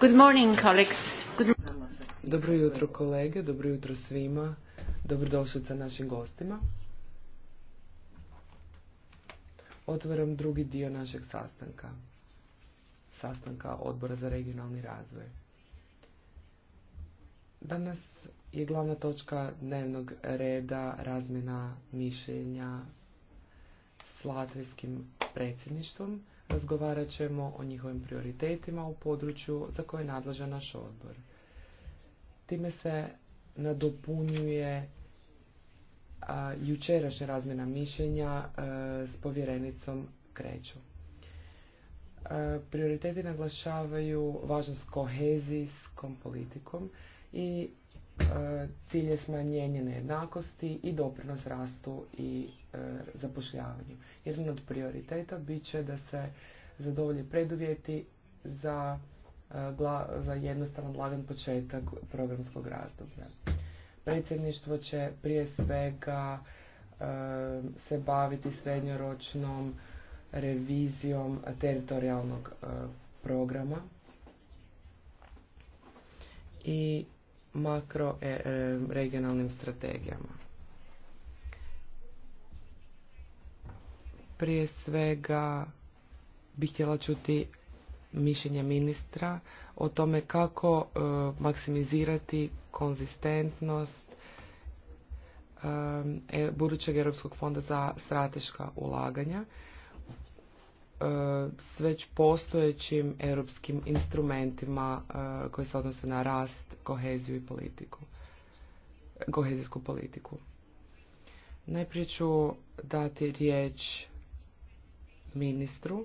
Good Dobro jutro kolege, dobro jutro svima, dobrodošli sa našim gostima. Otvaram drugi dio našeg sastanka, sastanka odbora za regionalni razvoj. Danas je glavna točka dnevnog reda razmjena mišljenja s latvijskim predsjedništvom razgovarat ćemo o njihovim prioritetima u području za koje je nadležan naš odbor. Time se nadopunjuje jučerašnja razmjena mišljenja e, s povjerenicom Kreću. E, prioriteti naglašavaju važnost kohezijskom politikom i cilje je smanjenje nejednakosti i doprinos rastu i e, zapošljavanju. Jedan od prioriteta bit će da se zadovolje preduvjeti za, e, za jednostavan lagan početak programskog razdoblja. Predsjedništvo će prije svega e, se baviti srednjoročnom revizijom teritorijalnog programa i makroregionalnim e, e, strategijama. Prije svega bih htjela čuti mišljenje ministra o tome kako e, maksimizirati konzistentnost budućeg Europskog fonda za strateška ulaganja E, s već postojećim europskim instrumentima e, koji se odnose na rast, koheziju i politiku, kohezijsku politiku. Najprije ću dati riječ ministru,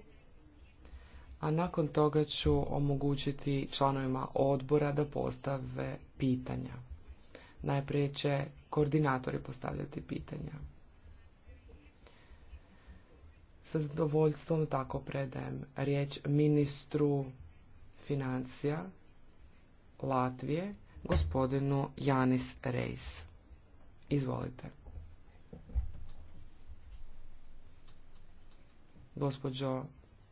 a nakon toga ću omogućiti članovima odbora da postave pitanja. Najprije će koordinatori postavljati pitanja. Sa zadovoljstvom tako predajem riječ ministru financija Latvije, gospodinu Janis Reis. Izvolite. Gospođo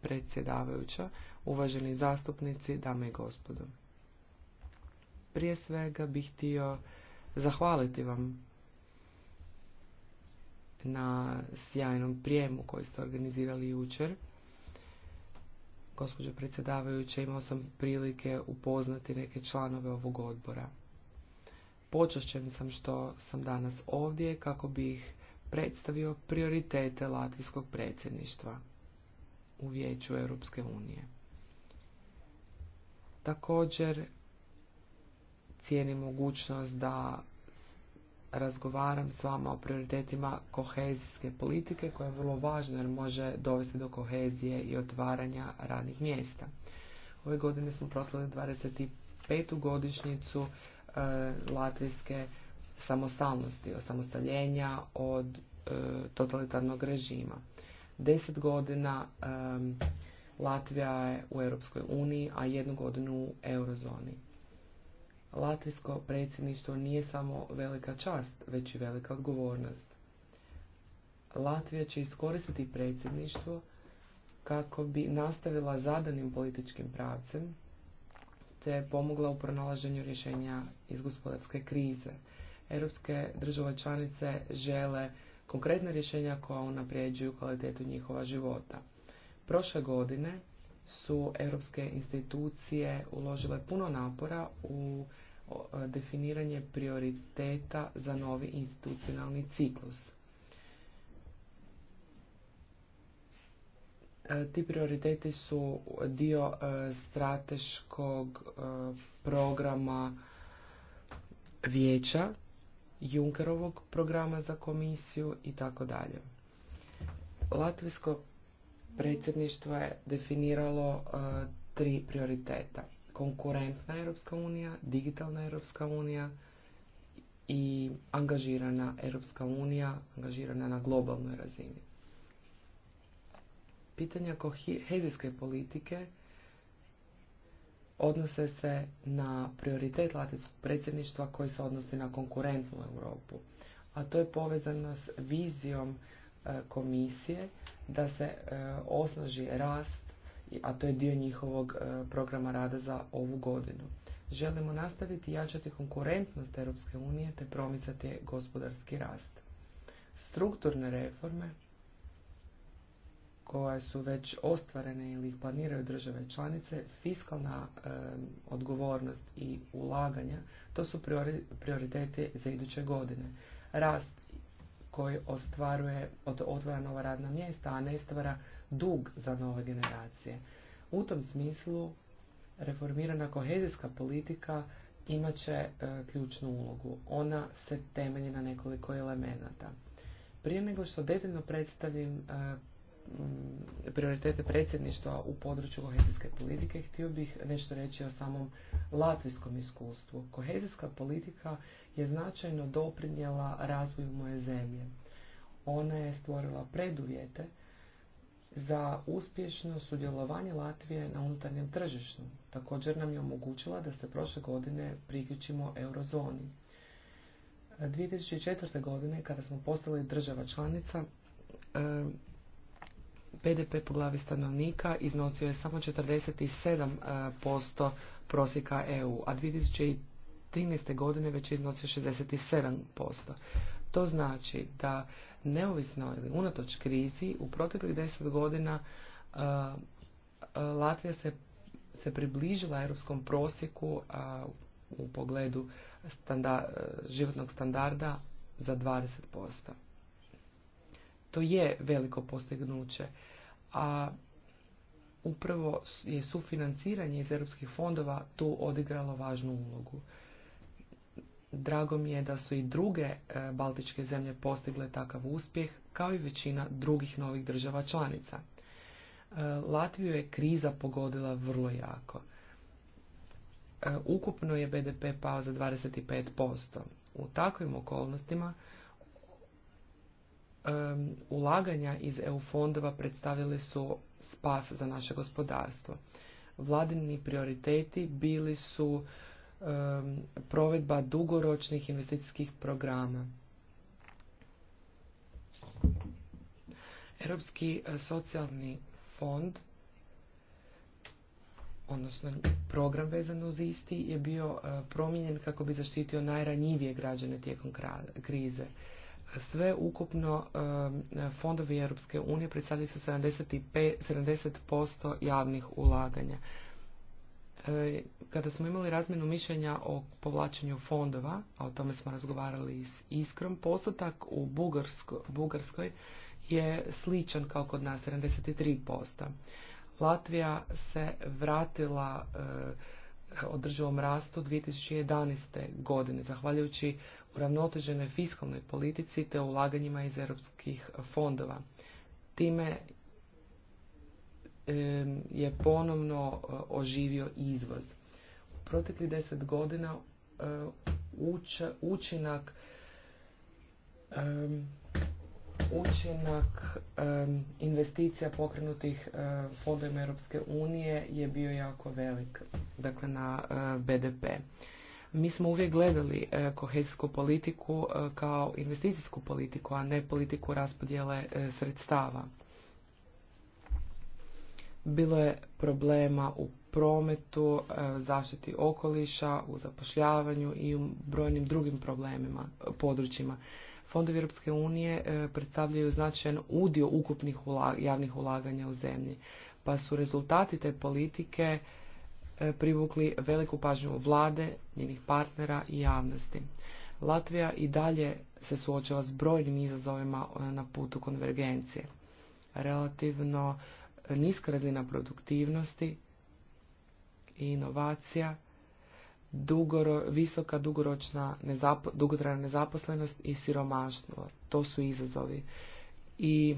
predsjedavajuća, uvaženi zastupnici, dame i gospodo. Prije svega bih htio zahvaliti vam na sjajnom prijemu koji ste organizirali jučer. Gospođo predsjedavajuće, imao sam prilike upoznati neke članove ovog odbora. Počašćen sam što sam danas ovdje kako bih predstavio prioritete latvijskog predsjedništva u Vijeću Europske unije. Također cijenim mogućnost da razgovaram s vama o prioritetima kohezijske politike koja je vrlo važna jer može dovesti do kohezije i otvaranja radnih mjesta. Ove godine smo proslali 25. godišnjicu e, latvijske samostalnosti, osamostaljenja od e, totalitarnog režima. Deset godina e, Latvija je u Europskoj uniji, a jednu godinu u eurozoni Latvijsko predsjedništvo nije samo velika čast, već i velika odgovornost. Latvija će iskoristiti predsjedništvo kako bi nastavila zadanim političkim pravcem, te pomogla u pronalaženju rješenja iz gospodarske krize. Europske države članice žele konkretna rješenja koja unapređuju kvalitetu njihova života. Prošle godine su europske institucije uložile puno napora u definiranje prioriteta za novi institucionalni ciklus. E, ti prioriteti su dio e, strateškog e, programa vijeća, Junkerovog programa za komisiju i tako dalje. Latvijsko predsjedništvo je definiralo e, tri prioriteta. Konkurentna Europska unija, digitalna Europska unija i angažirana Europska unija, angažirana na globalnoj razini. Pitanja kohezijske politike odnose se na prioritet latinskog predsjedništva koji se odnosi na konkurentnu Europu. A to je povezano s vizijom e, komisije da se e, osnaži rast, a to je dio njihovog e, programa rada za ovu godinu. Želimo nastaviti jačati konkurentnost Europske unije te promicati gospodarski rast. Strukturne reforme koje su već ostvarene ili ih planiraju države članice, fiskalna e, odgovornost i ulaganja, to su prioriteti za iduće godine. Rast koji ostvaruje, otvara nova radna mjesta, a ne stvara dug za nove generacije. U tom smislu reformirana kohezijska politika imat će e, ključnu ulogu. Ona se temelji na nekoliko elemenata. Prije nego što detaljno predstavim e, Mm, prioritete predsjedništva u području kohezijske politike, htio bih nešto reći o samom latvijskom iskustvu. Kohezijska politika je značajno doprinijela razvoju moje zemlje. Ona je stvorila preduvjete za uspješno sudjelovanje Latvije na unutarnjem tržištu. Također nam je omogućila da se prošle godine priključimo eurozoni. 2004. godine, kada smo postali država članica, BDP po glavi stanovnika iznosio je samo 47% e, prosjeka EU, a 2013. godine već iznosio 67%. To znači da neovisno ili unatoč krizi u proteklih 10 godina e, e, Latvija se, se približila europskom prosjeku u pogledu standa, životnog standarda za 20%. To je veliko postignuće. A upravo je sufinanciranje iz europskih fondova tu odigralo važnu ulogu. Drago mi je da su i druge e, baltičke zemlje postigle takav uspjeh, kao i većina drugih novih država članica. E, Latviju je kriza pogodila vrlo jako. E, ukupno je BDP pao za 25%. U takvim okolnostima ulaganja iz EU fondova predstavili su spas za naše gospodarstvo. Vladini prioriteti bili su provedba dugoročnih investicijskih programa. Europski e, socijalni fond odnosno program vezan uz isti je bio e, promijenjen kako bi zaštitio najranjivije građane tijekom krize sve ukupno fondovi Europske unije predstavljaju su 75, 70% javnih ulaganja. E, kada smo imali razmjenu mišljenja o povlačenju fondova, a o tome smo razgovarali s Iskrom, postotak u Bugarskoj je sličan kao kod nas, 73%. Latvija se vratila e, održivom rastu 2011. godine, zahvaljujući uravnoteženoj fiskalnoj politici te ulaganjima iz europskih fondova. Time je ponovno e, oživio izvoz. U protekli deset godina e, učinak učinak investicija pokrenutih fondovima e, fondom Europske unije je bio jako velik, dakle na BDP. Mi smo uvijek gledali e, kohezijsku politiku e, kao investicijsku politiku, a ne politiku raspodjele e, sredstava. Bilo je problema u prometu, zaštiti okoliša, u zapošljavanju i u brojnim drugim problemima, područjima. Fondovi Europske unije predstavljaju značajan udio ukupnih javnih ulaganja u zemlji, pa su rezultati te politike E, privukli veliku pažnju vlade, njenih partnera i javnosti. Latvija i dalje se suočava s brojnim izazovima e, na putu konvergencije. Relativno e, niska razina produktivnosti i inovacija, dugoro, visoka dugoročna nezapo, dugotrajna nezaposlenost i siromaštvo. To su izazovi. I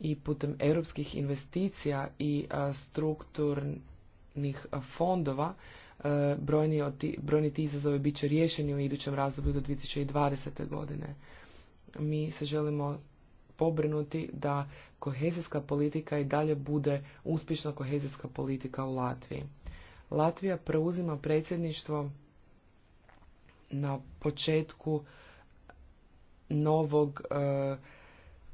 i putem europskih investicija i strukturnih fondova brojni, ti izazovi bit će riješeni u idućem razdoblju do 2020. godine. Mi se želimo pobrinuti da kohezijska politika i dalje bude uspješna kohezijska politika u Latviji. Latvija preuzima predsjedništvo na početku novog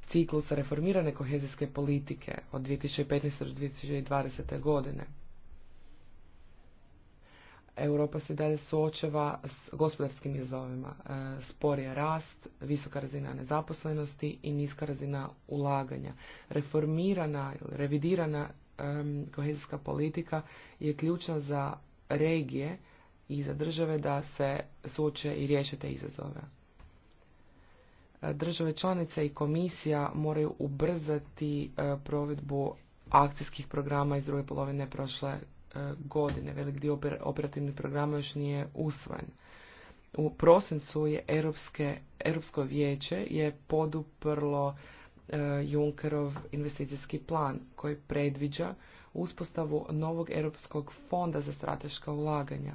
ciklus reformirane kohezijske politike od 2015. do 2020. godine. Europa se dalje suočava s gospodarskim izazovima. E, sporija rast, visoka razina nezaposlenosti i niska razina ulaganja. Reformirana ili revidirana kohezijska politika je ključna za regije i za države da se suoče i riješe te izazove države članice i komisija moraju ubrzati e, provedbu akcijskih programa iz druge polovine prošle e, godine. Velik dio operativnih programa još nije usvojen. U prosincu je Europske, Europsko vijeće je poduprlo e, Junckerov investicijski plan koji predviđa uspostavu novog Europskog fonda za strateška ulaganja.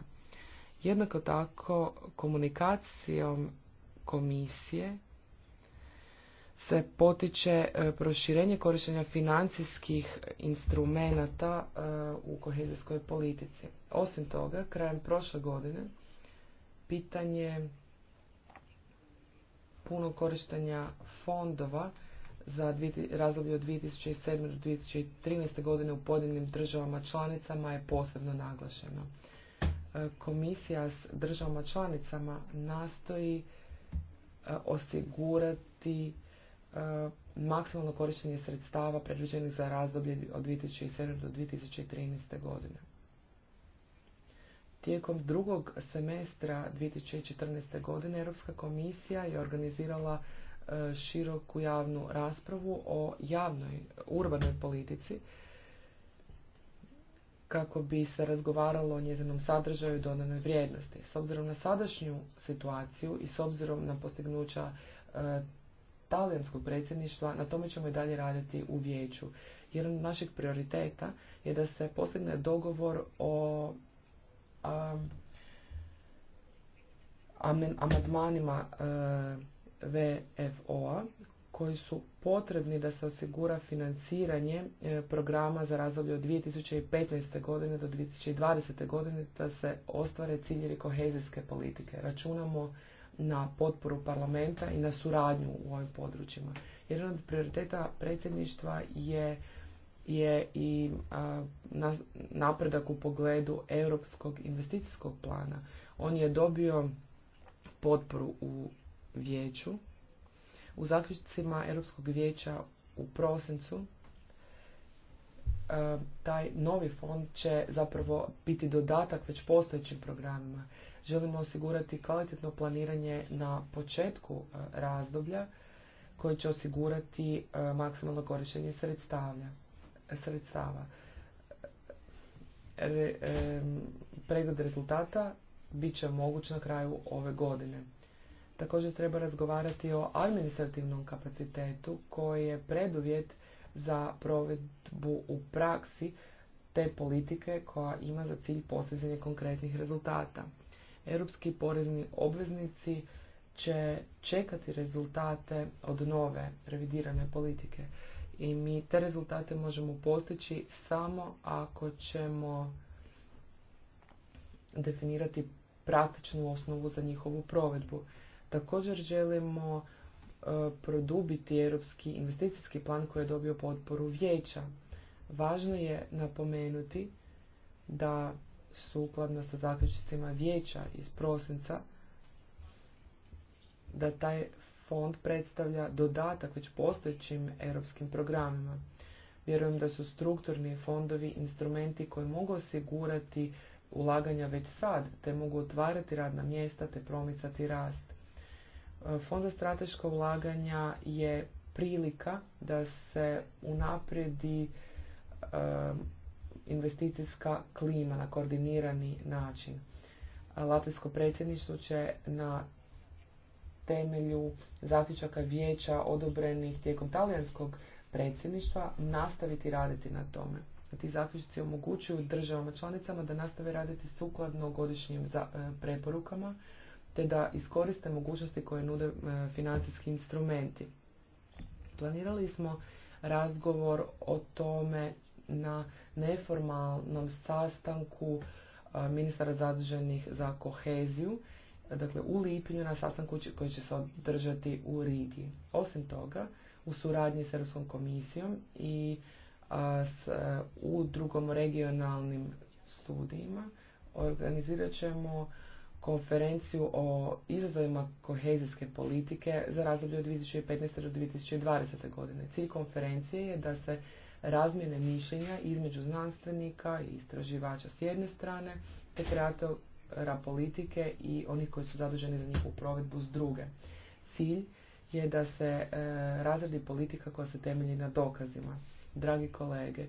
Jednako tako komunikacijom komisije se potiče e, proširenje korištenja financijskih instrumenata e, u kohezijskoj politici. Osim toga, krajem prošle godine pitanje puno korištenja fondova za razdoblje od 2007. do 2013. godine u pojedinim državama članicama je posebno naglašeno. E, komisija s državama članicama nastoji osigurati E, maksimalno korištenje sredstava predviđenih za razdoblje od 2007. do 2013. godine. Tijekom drugog semestra 2014. godine Europska komisija je organizirala e, široku javnu raspravu o javnoj urbanoj politici kako bi se razgovaralo o njezinom sadržaju i dodanoj vrijednosti. S obzirom na sadašnju situaciju i s obzirom na postignuća e, talijanskog predsjedništva, na tome ćemo i dalje raditi u vijeću. Jedan od naših prioriteta je da se postigne dogovor o amandmanima e, VFO-a koji su potrebni da se osigura financiranje e, programa za razdoblje od 2015. godine do 2020. godine da se ostvare ciljevi kohezijske politike. Računamo na potporu parlamenta i na suradnju u ovim područjima. Jedan od prioriteta predsjedništva je je i napredak u pogledu europskog investicijskog plana. On je dobio potporu u vijeću. U zaključcima Europskog vijeća u prosincu taj novi fond će zapravo biti dodatak već postojećim programima Želimo osigurati kvalitetno planiranje na početku e, razdoblja koje će osigurati e, maksimalno korištenje sredstava. E, pregled rezultata bit će moguć na kraju ove godine. Također treba razgovarati o administrativnom kapacitetu koji je preduvjet za provedbu u praksi te politike koja ima za cilj postizanje konkretnih rezultata. Europski porezni obveznici će čekati rezultate od nove revidirane politike i mi te rezultate možemo postići samo ako ćemo definirati praktičnu osnovu za njihovu provedbu. Također želimo e, produbiti europski investicijski plan koji je dobio potporu vijeća. Važno je napomenuti da sukladno sa zaključicima vijeća iz prosinca da taj fond predstavlja dodatak već postojećim europskim programima. Vjerujem da su strukturni fondovi instrumenti koji mogu osigurati ulaganja već sad, te mogu otvarati radna mjesta, te promicati rast. E, fond za strateško ulaganja je prilika da se unaprijedi e, investicijska klima na koordinirani način. Latvijsko predsjedništvo će na temelju zaključaka vijeća odobrenih tijekom talijanskog predsjedništva nastaviti raditi na tome. Ti zaključci omogućuju državama članicama da nastave raditi sukladno godišnjim e, preporukama te da iskoriste mogućnosti koje nude e, financijski instrumenti. Planirali smo razgovor o tome na neformalnom sastanku e, ministara zaduženih za koheziju, dakle u lipnju na sastanku koji će se održati u Rigi. Osim toga, u suradnji s Europskom komisijom i e, u drugom regionalnim studijima organizirat ćemo konferenciju o izazovima kohezijske politike za razdoblje od 2015. do 2020. godine. Cilj konferencije je da se razmjene mišljenja između znanstvenika i istraživača s jedne strane, te kreatora politike i onih koji su zaduženi za njihovu provedbu s druge. Cilj je da se e, razredi politika koja se temelji na dokazima. Dragi kolege,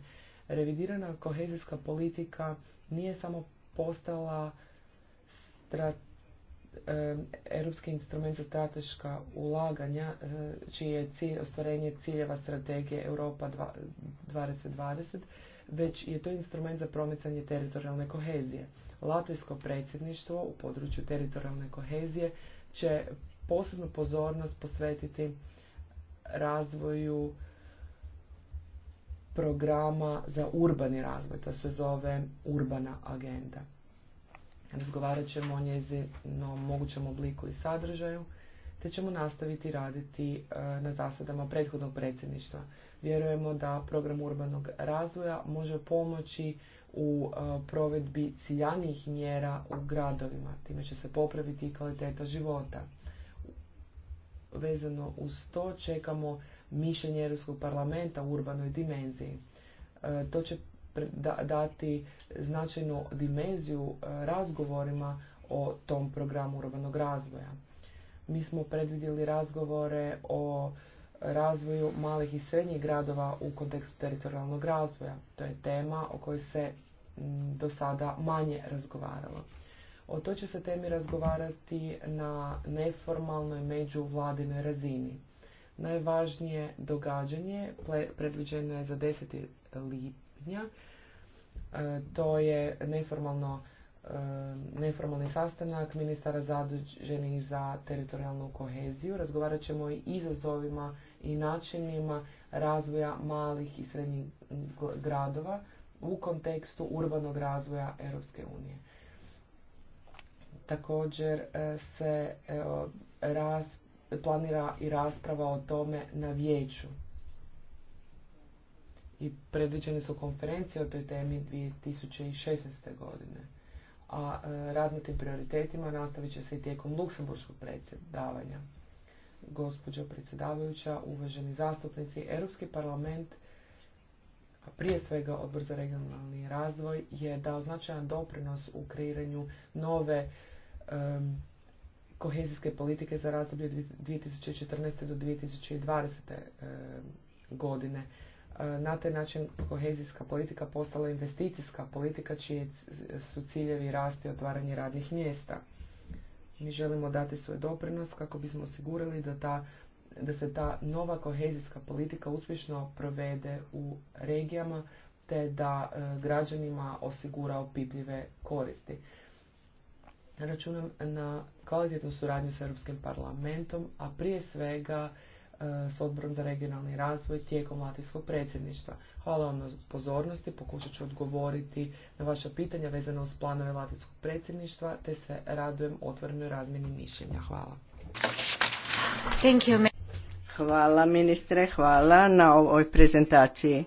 revidirana kohezijska politika nije samo postala strategija Europski instrument za strateška ulaganja, eh, čiji je cilj ostvarenje ciljeva strategije Europa 2020, već je to instrument za promicanje teritorijalne kohezije. Latvijsko predsjedništvo u području teritorijalne kohezije će posebnu pozornost posvetiti razvoju programa za urbani razvoj. To se zove urbana agenda. Razgovarat ćemo o njezinom mogućem obliku i sadržaju, te ćemo nastaviti raditi e, na zasadama prethodnog predsjedništva. Vjerujemo da program urbanog razvoja može pomoći u e, provedbi ciljanih mjera u gradovima. Time će se popraviti i kvaliteta života. Vezano uz to čekamo mišljenje Europskog parlamenta u urbanoj dimenziji. E, to će dati značajnu dimenziju e, razgovorima o tom programu urbanog razvoja. Mi smo predvidjeli razgovore o razvoju malih i srednjih gradova u kontekstu teritorijalnog razvoja. To je tema o kojoj se do sada manje razgovaralo. O to će se temi razgovarati na neformalnoj međuvladinoj razini. Najvažnije događanje predviđeno je za 10. lipnja E, to je neformalno e, neformalni sastanak ministara zaduženih za teritorijalnu koheziju. Razgovarat ćemo i izazovima i načinima razvoja malih i srednjih gradova u kontekstu urbanog razvoja Europske unije. Također e, se planira i rasprava o tome na vijeću i predviđene su konferencije o toj temi 2016. godine. A e, tim prioritetima nastavit će se i tijekom luksemburškog predsjedavanja. Gospođo predsjedavajuća, uvaženi zastupnici, Europski parlament, a prije svega Odbor za regionalni razvoj, je dao značajan doprinos u kreiranju nove kohezijske politike za razdoblje 2014. do 2020. godine E, na taj način kohezijska politika postala investicijska politika čije su ciljevi rasti i otvaranje radnih mjesta. Mi želimo dati svoj doprinos kako bismo osigurali da, ta, da se ta nova kohezijska politika uspješno provede u regijama te da e, građanima osigura opipljive koristi. Računam na kvalitetnu suradnju s Europskim parlamentom, a prije svega E, s odborom za regionalni razvoj tijekom latinskog predsjedništva. Hvala vam na pozornosti, pokušat ću odgovoriti na vaša pitanja vezano uz planove latinskog predsjedništva, te se radujem otvorenoj razmjeni mišljenja. Hvala. Hvala ministre, hvala na ovoj prezentaciji.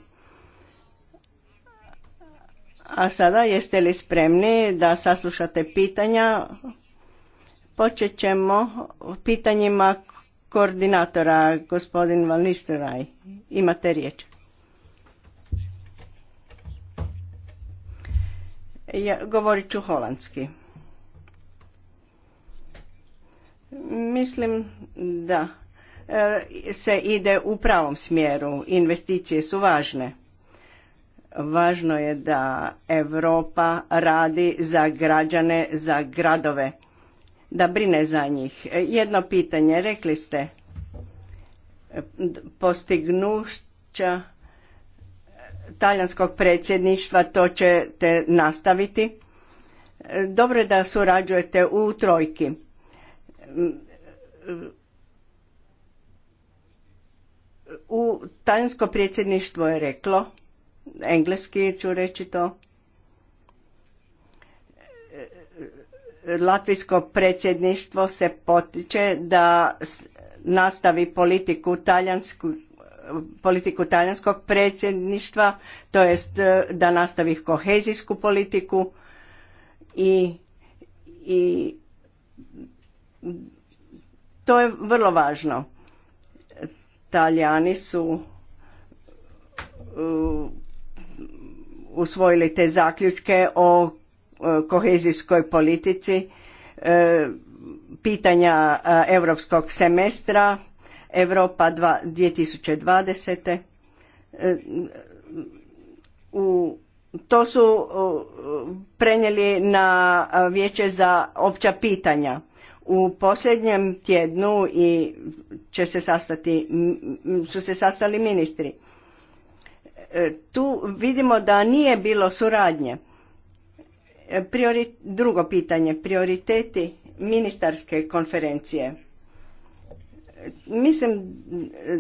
A sada jeste li spremni da saslušate pitanja? Počet ćemo pitanjima koordinatora, gospodin Van Nistelrooy. Imate riječ. Ja, govorit ću holandski. Mislim da e, se ide u pravom smjeru. Investicije su važne. Važno je da Europa radi za građane, za gradove da brine za njih. E, jedno pitanje, rekli ste e, postignuća e, talijanskog predsjedništva, to ćete nastaviti. Dobro je da surađujete u trojki. U talijansko predsjedništvo je reklo, engleski ću reći to, Latvijsko predsjedništvo se potiče da nastavi politiku politiku talijanskog predsjedništva, to jest e, da nastavi kohezijsku politiku i, i to je vrlo važno. Talijani su usvojili te zaključke o E, kohezijskoj politici, e, pitanja e, europskog semestra, Europa 2020. U, to su prenijeli na vijeće za opća pitanja. U posljednjem tjednu i će se sastati, su se sastali ministri. Tu vidimo da nije bilo suradnje drugo pitanje, prioriteti ministarske konferencije. Mislim eh,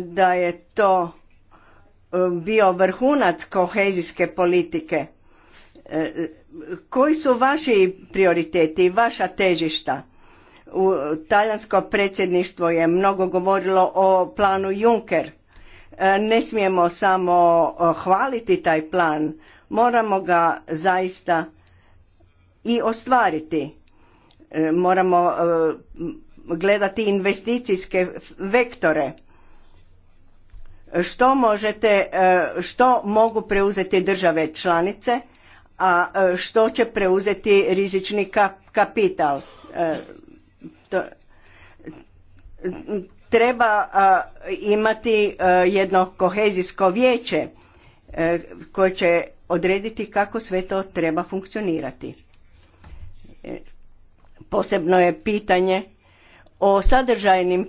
da je to eh, bio vrhunac kohezijske politike. Eh, koji su vaši prioriteti i vaša težišta? U talijansko predsjedništvo je mnogo govorilo o planu Juncker. Ne smijemo samo hvaliti taj plan, moramo ga zaista i ostvariti. E, moramo e, gledati investicijske vektore. Što možete, e, što mogu preuzeti države članice, a što će preuzeti rizični kapital. treba imati jedno kohezijsko vijeće koje će odrediti kako sve to treba funkcionirati. E, posebno je pitanje o sadržajnim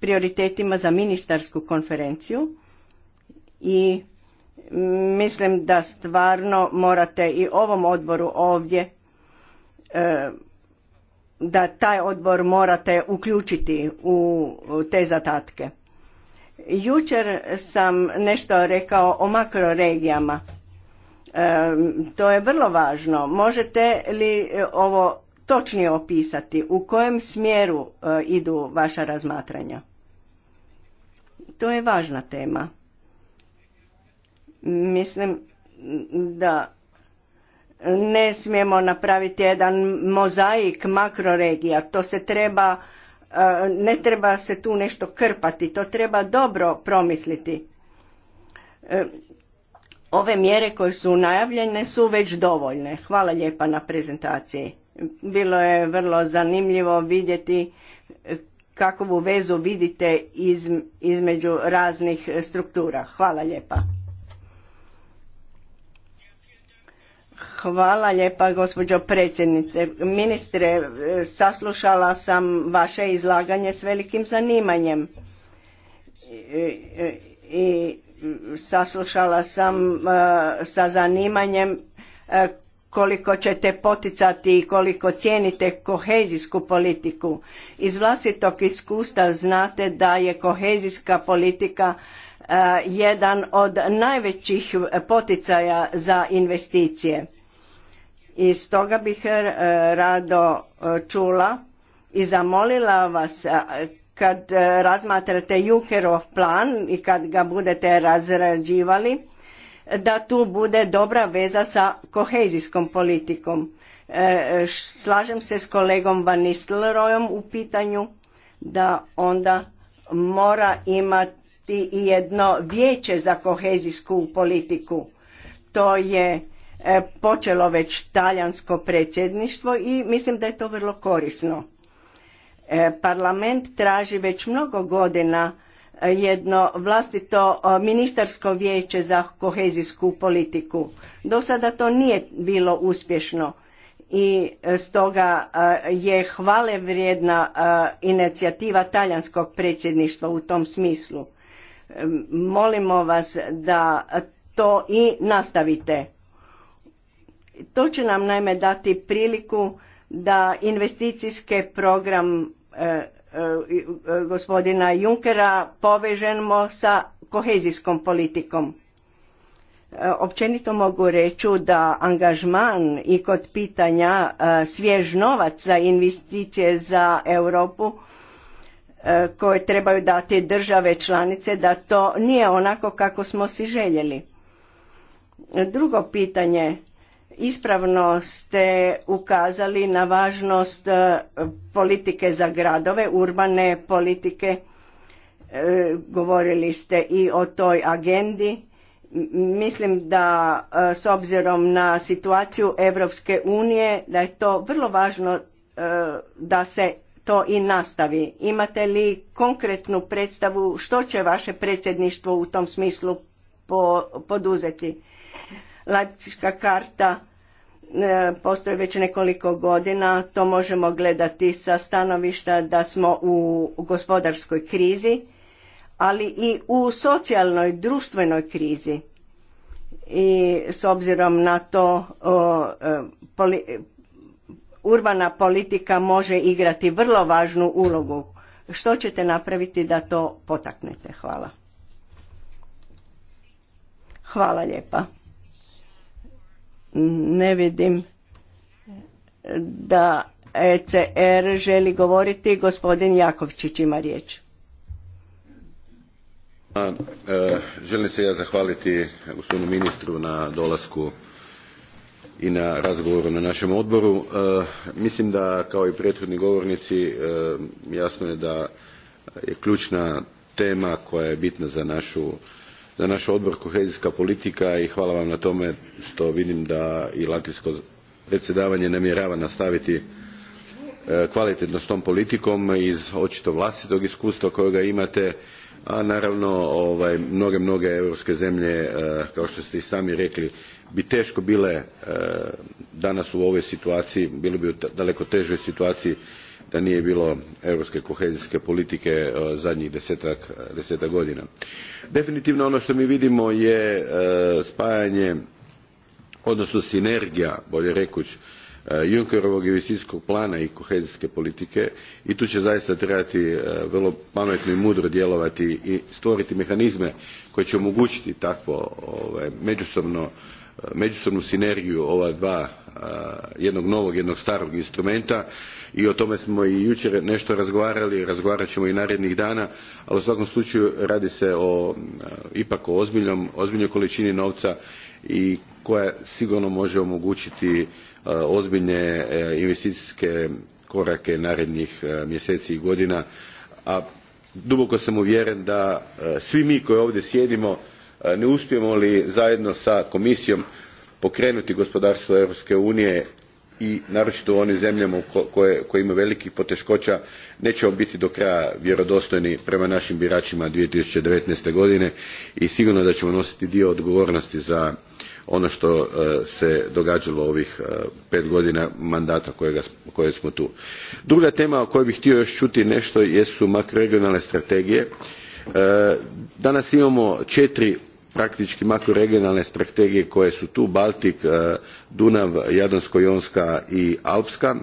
prioritetima za ministarsku konferenciju i mm, mislim da stvarno morate i ovom odboru ovdje e, da taj odbor morate uključiti u te zadatke. Jučer sam nešto rekao o makroregijama to je vrlo važno. Možete li e, ovo točnije opisati? U kojem smjeru e, idu vaša razmatranja? To je važna tema. Mislim da ne smijemo napraviti jedan mozaik makroregija. To se treba, e, ne treba se tu nešto krpati. To treba dobro promisliti ove mjere koje su najavljene su već dovoljne. Hvala lijepa na prezentaciji. Bilo je vrlo zanimljivo vidjeti e, kakvu vezu vidite između raznih struktura. Hvala lijepa. Hvala lijepa gospođo predsjednice. Ministre, e, saslušala sam vaše izlaganje s velikim zanimanjem. E, i saslušala sam e, sa zanimanjem e, koliko ćete poticati i koliko cijenite kohezijsku politiku. Iz vlastitog iskustva znate da je kohezijska politika e, jedan od najvećih poticaja za investicije. I stoga bih rado čula i zamolila vas kad e, razmatrate Junckerov plan i kad ga budete razrađivali, da tu bude dobra veza sa kohezijskom politikom. E, slažem se s kolegom Van Nistelrojom u pitanju da onda mora imati i jedno vijeće za kohezijsku politiku. To je e, počelo već talijansko predsjedništvo i mislim da je to vrlo korisno E, parlament traži već mnogo godina e, jedno vlastito e, ministarsko vijeće za kohezijsku politiku. Do sada to nije bilo uspješno i stoga je hvale vrijedna inicijativa talijanskog predsjedništva u tom smislu. Molimo vas da to i nastavite. To će nam naime dati priliku da investicijske program E, e, gospodina Junkera povežemo sa kohezijskom politikom. E, općenito mogu reći da angažman i kod pitanja svjež novac za investicije za Europu koje trebaju dati države članice da to nije onako kako smo si željeli. Drugo pitanje Ispravno ste ukazali na važnost e, politike za gradove, urbane politike. E, govorili ste i o toj agendi. Mislim da e, s obzirom na situaciju Europske unije da je to vrlo važno da se to i nastavi. Imate li konkretnu predstavu što će vaše predsjedništvo u tom smislu poduzeti? Leipziška karta e, postoji već nekoliko godina, to možemo gledati sa stanovišta da smo u gospodarskoj krizi, ali i u socijalnoj, društvenoj krizi. I s obzirom na to e, urbana politika može igrati vrlo važnu ulogu. Što ćete napraviti da to potaknete? Hvala. Hvala lijepa. Ne vidim da ECR želi govoriti. Gospodin Jakovčić ima riječ. E, želim se ja zahvaliti gospodinu ministru na dolasku i na razgovoru na našem odboru. E, mislim da kao i prethodni govornici e, jasno je da je ključna tema koja je bitna za našu za naš odbor kohezijska politika i hvala vam na tome što vidim da i latvijsko predsjedavanje namjerava nastaviti e, kvalitetno s tom politikom iz očito vlastitog iskustva kojega imate a naravno ovaj, mnoge mnoge europske zemlje e, kao što ste i sami rekli bi teško bile e, danas u ovoj situaciji bile bi u daleko težoj situaciji da nije bilo europske kohezijske politike e, zadnjih desetak, godina. definitivno ono što mi vidimo je e, spajanje odnosno sinergija bolje rekuć, e, junckerovog investicijskog plana i kohezijske politike i tu će zaista trebati vrlo pametno i mudro djelovati i stvoriti mehanizme koji će omogućiti takvo ovaj, međusobno međusobnu sinergiju ova dva jednog novog jednog starog instrumenta i o tome smo i jučer nešto razgovarali razgovarat ćemo i narednih dana ali u svakom slučaju radi se o, ipak o ozbiljnoj količini novca i koja sigurno može omogućiti ozbiljne e, investicijske korake narednih e, mjeseci i godina a duboko sam uvjeren da e, svi mi koji ovdje sjedimo E, ne uspijemo li zajedno s komisijom pokrenuti gospodarstvo europske unije i naročito u onim zemljama koje, imaju velikih poteškoća nećemo biti do kraja vjerodostojni prema našim biračima. two thousand and godine i sigurno da ćemo nositi dio odgovornosti za ono što e, se događalo ovih e, pet godina mandata koje smo tu. druga tema o kojoj bih htio još čuti nešto jesu makroregionalne strategije. danas imamo četiri praktički makroregionalne strategije koje su tu baltik e, dunav jadransko jonska i alpska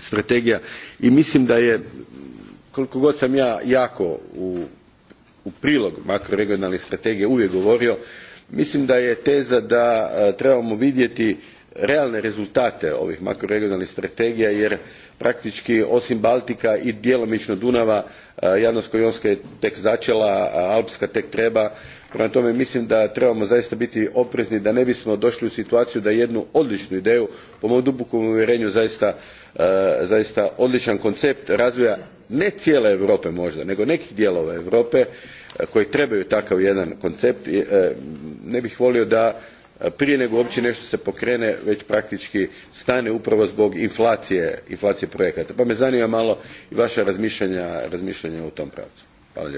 strategija i mislim da je koliko god sam ja jako u, prilog makroregionalne strategije uvijek govorio mislim da je teza da e, trebamo vidjeti realne rezultate ovih makroregionalnih strategija jer praktički osim baltika i djelomično dunava e, jadransko jonska je tek začela alpska tek treba prema tome mislim da trebamo zaista biti oprezni da ne bismo došli u situaciju da jednu odličnu ideju po mom dubokom uvjerenju zaista, e, odličan koncept razvoja ne cijele europe možda nego nekih dijelova europe e, koji trebaju takav jedan koncept e, ne bih volio da prije nego uopće nešto se pokrene već praktički stane upravo zbog inflacije, projekata pa me zanima malo i vaša razmišljanja, u tom pravcu. Hvala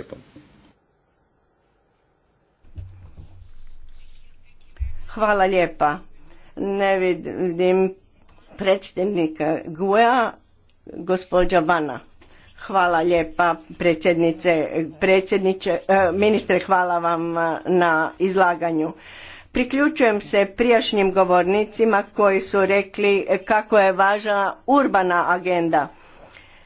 Hvala lijepa. Ne vidim predsjednika Guja, gospođa Vana. Hvala lijepa predsjednice, predsjedniče, e, ministre hvala vam e, na izlaganju. Priključujem se prijašnjim govornicima koji su rekli kako je važna urbana agenda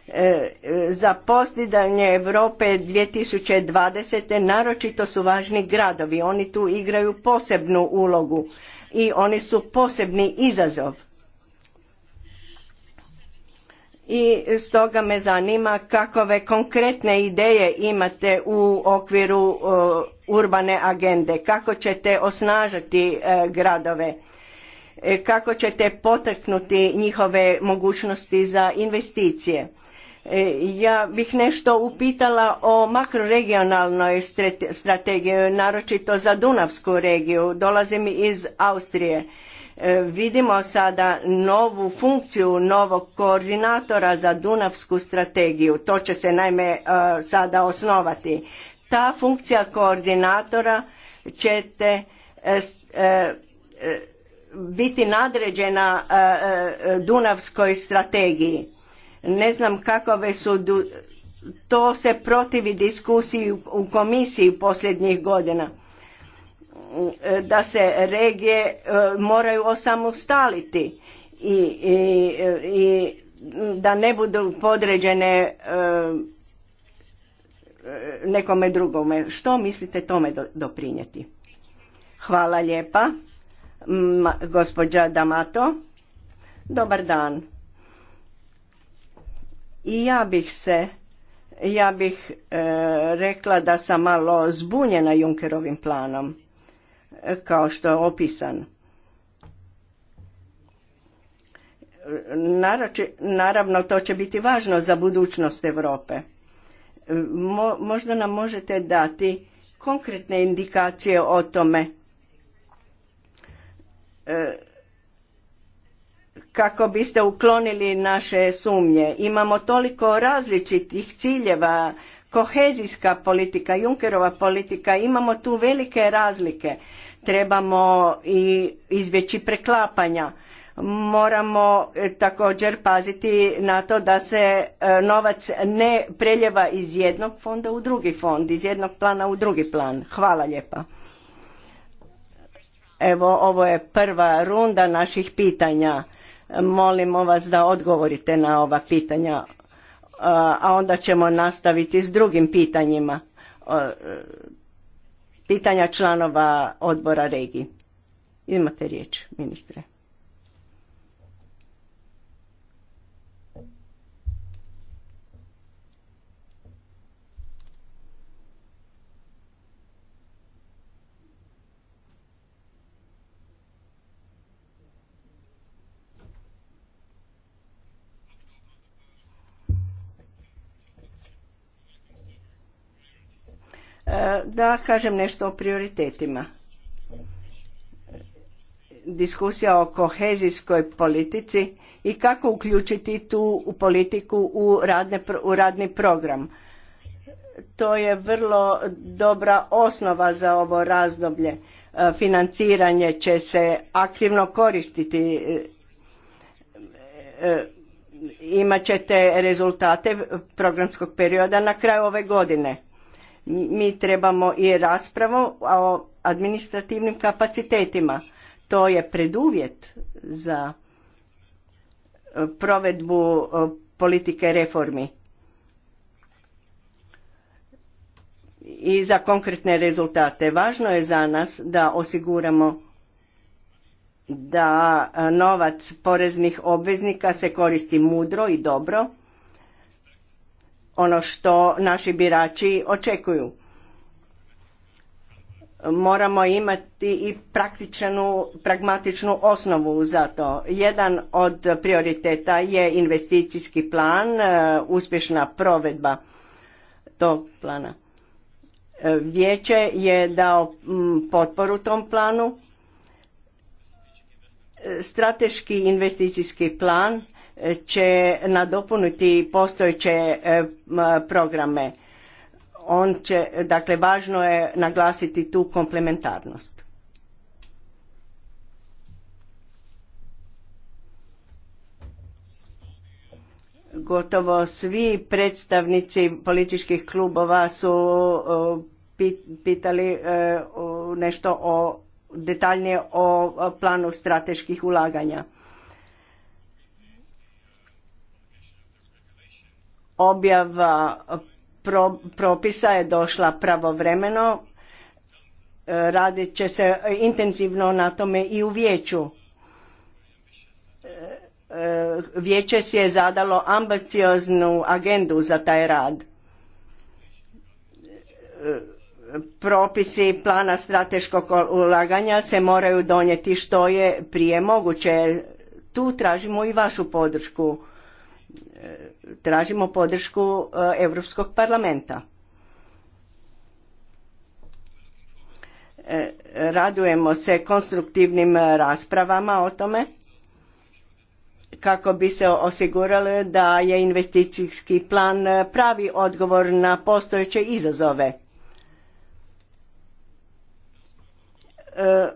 E, za postizanje Europe 2020. naročito su važni gradovi. Oni tu igraju posebnu ulogu i oni su posebni izazov. I stoga me zanima kakove konkretne ideje imate u okviru e, urbane agende, kako ćete osnažati e, gradove kako ćete potaknuti njihove mogućnosti za investicije E, ja bih nešto upitala o makroregionalnoj strategiji, naročito za Dunavsku regiju. Dolazim iz Austrije. E, vidimo sada novu funkciju novog koordinatora za Dunavsku strategiju. To će se naime e, sada osnovati. Ta funkcija koordinatora ćete biti nadređena Dunavskoj strategiji ne znam kakove su... To se protivi diskusiji u komisiji posljednjih godina. Da se regije e, moraju osamostaliti i, i, i da ne budu podređene e, nekome drugome. Što mislite tome doprinijeti? Hvala lijepa, gospođa Damato. Dobar dan. I ja bih se, ja bih e, rekla da sam malo zbunjena Junkerovim planom, e, kao što je opisan. Naravno, to će biti važno za budućnost Europe. možda nam možete dati konkretne indikacije o tome e, kako biste uklonili naše sumnje. Imamo toliko različitih ciljeva, kohezijska politika, Junkerova politika, imamo tu velike razlike. Trebamo i izbjeći preklapanja. Moramo e, također paziti na to da se e, novac ne preljeva iz jednog fonda u drugi fond, iz jednog plana u drugi plan. Hvala lijepa. Evo, ovo je prva runda naših pitanja Molimo vas da odgovorite na ova pitanja, a onda ćemo nastaviti s drugim pitanjima, pitanja članova odbora regiji. Imate riječ, ministre. da kažem nešto o prioritetima. Diskusija o kohezijskoj politici i kako uključiti tu u politiku u, u radni program. To je vrlo dobra osnova za ovo razdoblje. E, financiranje će se aktivno koristiti. E, e, Imaćete rezultate programskog perioda na kraju ove godine mi trebamo i raspravu o administrativnim kapacitetima. To je preduvjet za e, provedbu e, politike reformi i za konkretne rezultate. Važno je za nas da osiguramo da e, novac poreznih obveznika se koristi mudro i dobro ono što naši birači očekuju. Moramo imati i praktičanu, pragmatičnu osnovu za to. Jedan od prioriteta je investicijski plan, e, uspješna provedba tog plana. E, vijeće je dao potporu tom planu. E, strateški investicijski plan će nadopuniti postojeće e, programe. On će, dakle, važno je naglasiti tu komplementarnost. Gotovo svi predstavnici političkih klubova su e, pitali e, nešto o detaljnije o planu strateških ulaganja objava propisa je došla pravovremeno e, radit će se intenzivno na tome i u vijeću e, e, vijeće si je zadalo ambicioznu agendu za taj rad propisi plana strateškog ulaganja se moraju donijeti što je prije moguće tu tražimo i vašu podršku Tražimo podršku Europskog parlamenta. E, radujemo se konstruktivnim raspravama o tome kako bi se osiguralo da je investicijski plan pravi odgovor na postojeće izazove. E,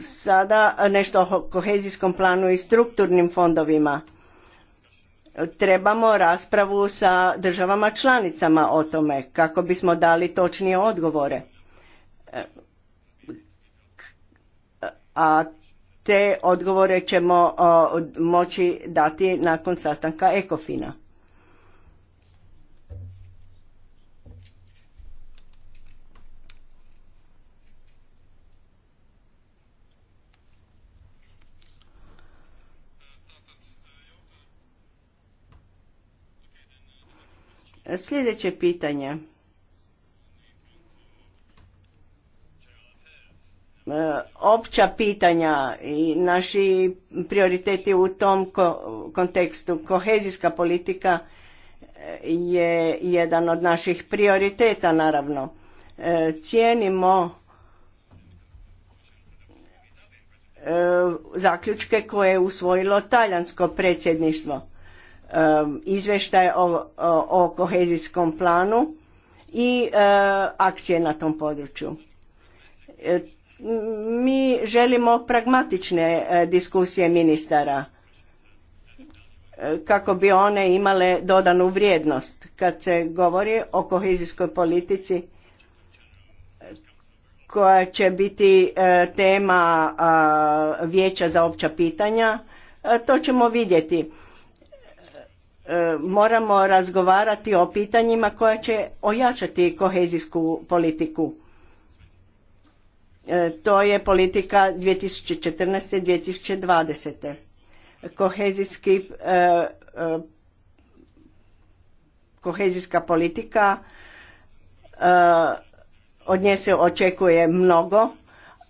Sada nešto o kohezijskom planu i strukturnim fondovima. Trebamo raspravu sa državama članicama o tome kako bismo dali točnije odgovore. A te odgovore ćemo moći dati nakon sastanka Ekofina. Sljedeće pitanje. E, opća pitanja i naši prioriteti u tom kontekstu. Kohezijska politika e, je jedan od naših prioriteta naravno. E, cijenimo zaključke koje je usvojilo talijansko predsjedništvo. Um, izvještaje o, o, o kohezijskom planu i uh, akcije na tom području. E, mi želimo pragmatične uh, diskusije ministara uh, kako bi one imale dodanu vrijednost. Kad se govori o kohezijskoj politici koja će biti tema vijeća za opća pitanja, to ćemo vidjeti. E, moramo razgovarati o pitanjima koja će ojačati kohezijsku politiku. E, to je politika 2014-2020. Kohezijski, e, kohezijska politika, od nje se očekuje mnogo,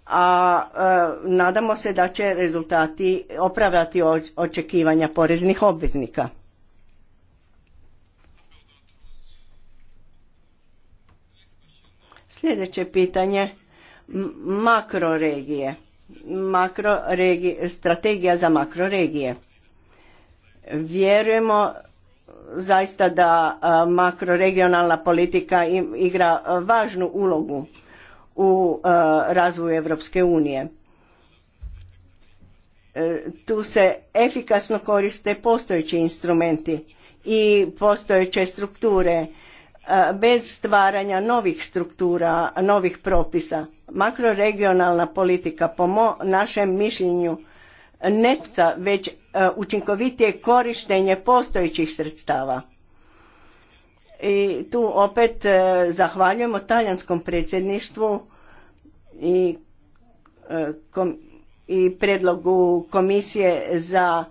a nadamo se da će rezultati opravdati očekivanja poreznih obveznika. Sljedeće pitanje, makroregije, makro strategija za makroregije. Vjerujemo zaista da makroregionalna politika igra važnu ulogu u razvoju Europske unije. E, tu se efikasno koriste postojeći instrumenti i postojeće strukture E, bez stvaranja novih struktura, novih propisa. Makroregionalna politika po našem mišljenju nepca već e, učinkovitije korištenje postojećih sredstava. I tu opet e, zahvaljujemo talijanskom predsjedništvu i, i predlogu komisije za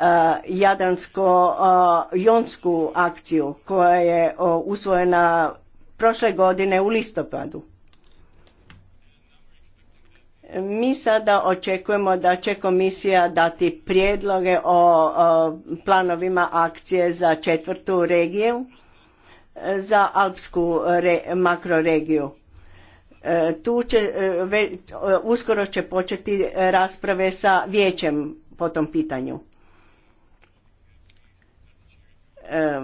Eh, jadransko-jonsku akciju koja je usvojena prošle godine u listopadu. Mi sada očekujemo da će komisija dati prijedloge o planovima akcije za četvrtu regiju, eh, za alpsku makroregiju. Eh, tu će, uskoro će početi rasprave sa vijećem po tom pitanju. E,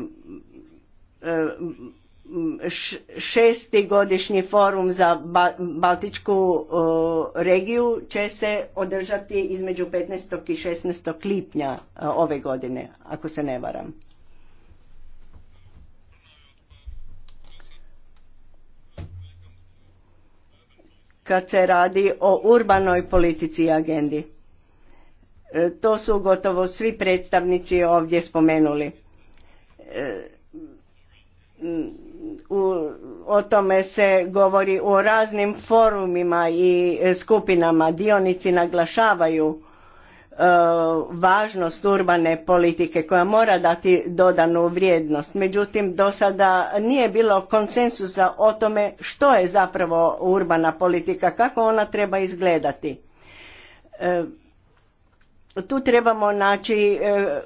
šesti godišnji forum za Baltičku e, regiju će se održati između 15. i 16. lipnja e, ove godine, ako se ne varam. Kad se radi o urbanoj politici i agendi. To su gotovo svi predstavnici ovdje spomenuli u, o tome se govori u raznim forumima i skupinama. Dionici naglašavaju e, važnost urbane politike koja mora dati dodanu vrijednost. Međutim, do sada nije bilo konsensusa o tome što je zapravo urbana politika, kako ona treba izgledati. E, tu trebamo naći e, e,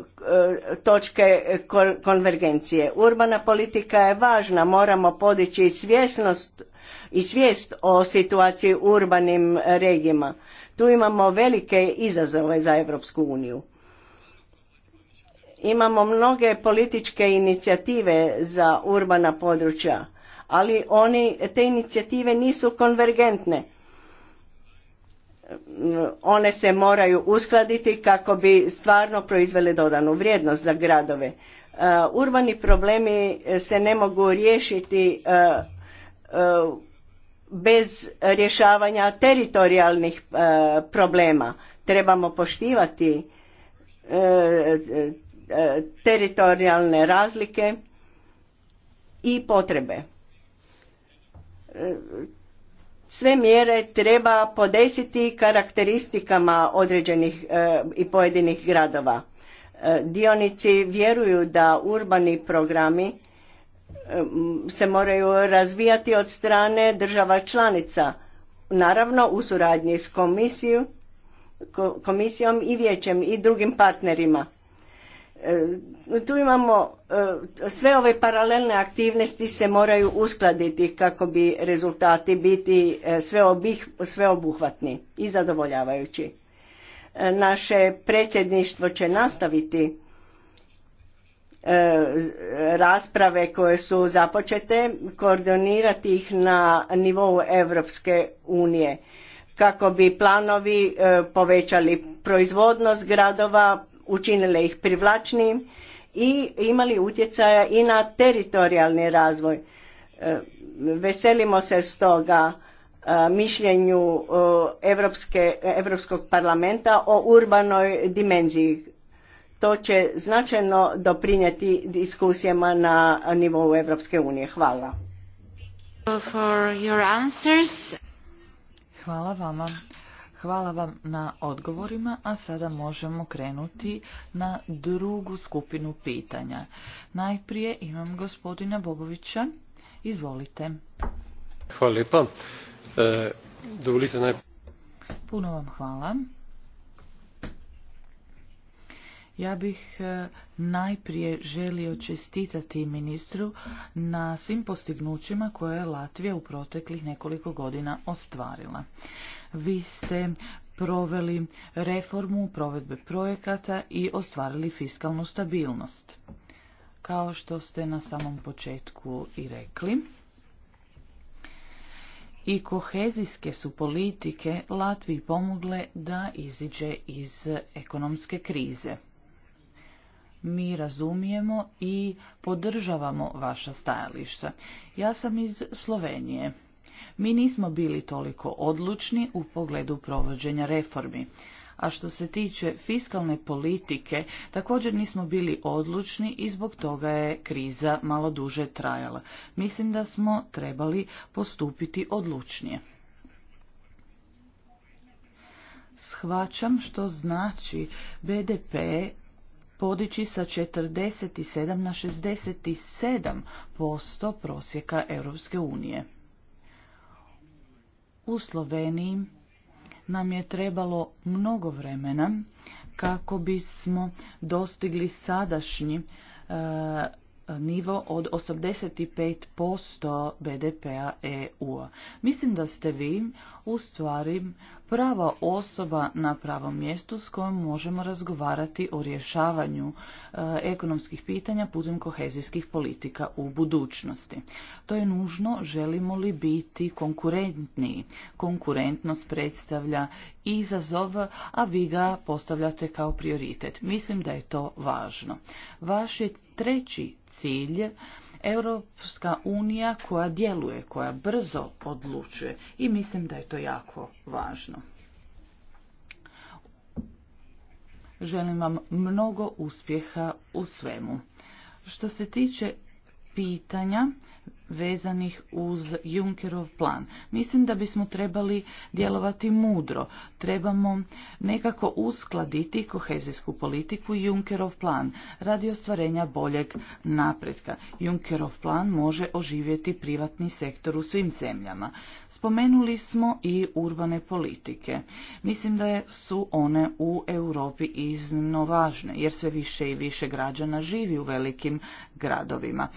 točke konvergencije. Urbana politika je važna, moramo podići svjesnost i svijest o situaciji u urbanim regijima. Tu imamo velike izazove za Europsku uniju. Imamo mnoge političke inicijative za urbana područja, ali oni, te inicijative nisu konvergentne one se moraju uskladiti kako bi stvarno proizvele dodanu vrijednost za gradove. E, urbani problemi e, se ne mogu riješiti e, bez rješavanja teritorijalnih problema. Trebamo poštivati teritorijalne razlike i potrebe sve mjere treba podesiti karakteristikama određenih e, i pojedinih gradova. E, dionici vjeruju da urbani programi e, se moraju razvijati od strane država članica, naravno u suradnji s komisiju, komisijom i vijećem i drugim partnerima. E, tu imamo e, sve ove paralelne aktivnosti se moraju uskladiti kako bi rezultati biti e, sveobuhvatni i zadovoljavajući. Naše predsjedništvo će nastaviti rasprave koje su započete, koordinirati ih na nivou Europske unije kako bi planovi povećali proizvodnost gradova, učinile ih privlačnim i imali utjecaja i na teritorijalni razvoj. E, veselimo se stoga e, mišljenju e, Evropske, Evropskog parlamenta o urbanoj dimenziji. To će značajno doprinijeti diskusijama na nivou Evropske unije. Hvala. For Hvala vama Hvala vam na odgovorima, a sada možemo krenuti na drugu skupinu pitanja. Najprije imam gospodina Bobovića. Izvolite. Hvala lijepa. E, dovolite naj... Puno vam hvala. Ja bih e, najprije želio čestitati ministru na svim postignućima koje je Latvija u proteklih nekoliko godina ostvarila vi ste proveli reformu provedbe projekata i ostvarili fiskalnu stabilnost. Kao što ste na samom početku i rekli, i kohezijske su politike Latviji pomogle da iziđe iz ekonomske krize. Mi razumijemo i podržavamo vaša stajališta. Ja sam iz Slovenije mi nismo bili toliko odlučni u pogledu provođenja reformi. A što se tiče fiskalne politike, također nismo bili odlučni i zbog toga je kriza malo duže trajala. Mislim da smo trebali postupiti odlučnije. Shvaćam što znači BDP podići sa 47 na 67 posto prosjeka Europske unije. U Sloveniji nam je trebalo mnogo vremena kako bismo dostigli sadašnji e, nivo od 85% BDP-a eu Mislim da ste vi u stvari prava osoba na pravom mjestu s kojom možemo razgovarati o rješavanju e, ekonomskih pitanja putem kohezijskih politika u budućnosti. To je nužno želimo li biti konkurentniji. Konkurentnost predstavlja izazov, a vi ga postavljate kao prioritet. Mislim da je to važno. Vaš je treći cilj Europska unija koja djeluje, koja brzo odlučuje i mislim da je to jako važno. Želim vam mnogo uspjeha u svemu. Što se tiče pitanja vezanih uz Junckerov plan. Mislim da bismo trebali djelovati mudro. Trebamo nekako uskladiti kohezijsku politiku i Junckerov plan radi ostvarenja boljeg napretka. Junckerov plan može oživjeti privatni sektor u svim zemljama. Spomenuli smo i urbane politike. Mislim da su one u Europi iznimno važne jer sve više i više građana živi u velikim gradovima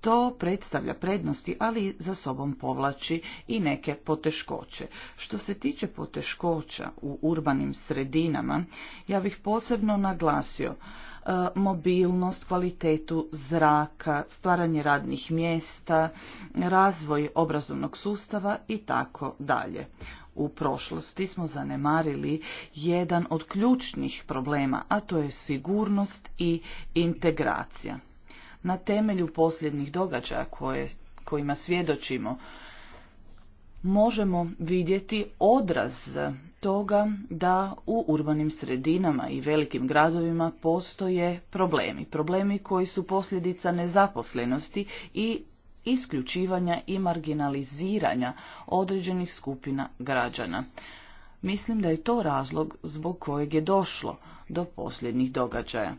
to predstavlja prednosti, ali za sobom povlači i neke poteškoće. Što se tiče poteškoća u urbanim sredinama, ja bih posebno naglasio e, mobilnost, kvalitetu zraka, stvaranje radnih mjesta, razvoj obrazovnog sustava i tako dalje. U prošlosti smo zanemarili jedan od ključnih problema, a to je sigurnost i integracija. Na temelju posljednjih događaja kojima svjedočimo, možemo vidjeti odraz toga da u urbanim sredinama i velikim gradovima postoje problemi. Problemi koji su posljedica nezaposlenosti i isključivanja i marginaliziranja određenih skupina građana. Mislim da je to razlog zbog kojeg je došlo do posljednjih događaja.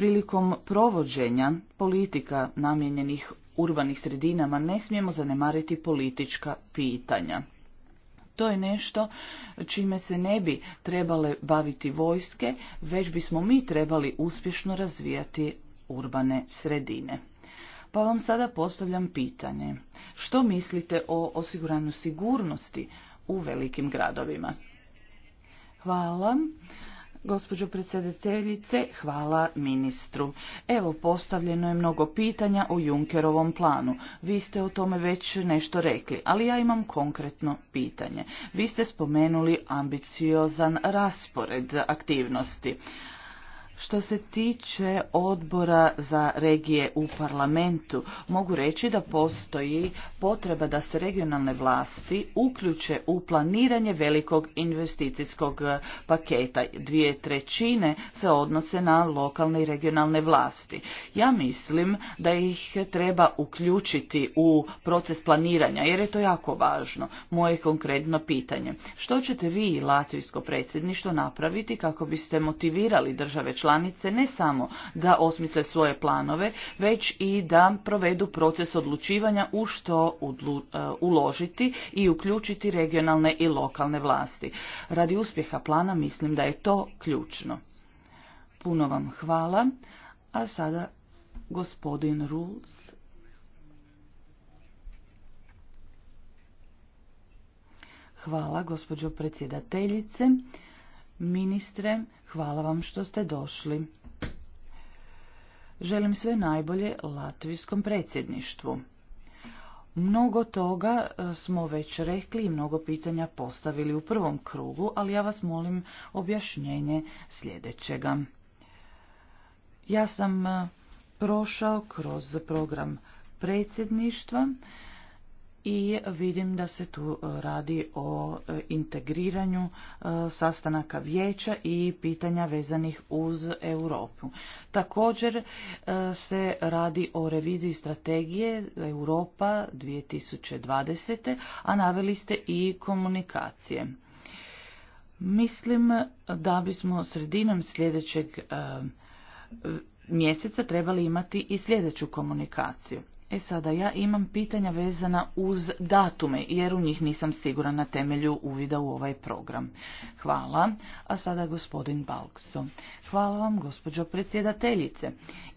Prilikom provođenja politika namijenjenih urbanih sredinama ne smijemo zanemariti politička pitanja. To je nešto čime se ne bi trebale baviti vojske, već bismo mi trebali uspješno razvijati urbane sredine. Pa vam sada postavljam pitanje. Što mislite o osiguranju sigurnosti u velikim gradovima? Hvala. Gospođo predsjedateljice, hvala ministru. Evo, postavljeno je mnogo pitanja u Junkerovom planu. Vi ste o tome već nešto rekli, ali ja imam konkretno pitanje. Vi ste spomenuli ambiciozan raspored aktivnosti. Što se tiče odbora za regije u parlamentu, mogu reći da postoji potreba da se regionalne vlasti uključe u planiranje velikog investicijskog e, paketa. Dvije trećine se odnose na lokalne i regionalne vlasti. Ja mislim da ih treba uključiti u proces planiranja, jer je to jako važno. Moje konkretno pitanje, što ćete vi Latvijsko predsjedništvo napraviti kako biste motivirali države članice članice ne samo da osmisle svoje planove, već i da provedu proces odlučivanja u što e, uložiti i uključiti regionalne i lokalne vlasti. Radi uspjeha plana mislim da je to ključno. Puno vam hvala. A sada gospodin Rules. Hvala, gospođo predsjedateljice, ministre, Hvala vam što ste došli. Želim sve najbolje latvijskom predsjedništvu. Mnogo toga e, smo već rekli i mnogo pitanja postavili u prvom krugu, ali ja vas molim objašnjenje sljedećega. Ja sam e, prošao kroz program predsjedništva i vidim da se tu e, radi o e, integriranju e, sastanaka vijeća i pitanja vezanih uz Europu. Također se radi o reviziji strategije Europa 2020. a naveli ste i komunikacije. Mislim da bismo sredinom sljedećeg mjeseca trebali imati i sljedeću komunikaciju. E sada, ja imam pitanja vezana uz datume, jer u njih nisam siguran na temelju uvida u ovaj program. Hvala. A sada gospodin Balkso. Hvala vam, gospođo predsjedateljice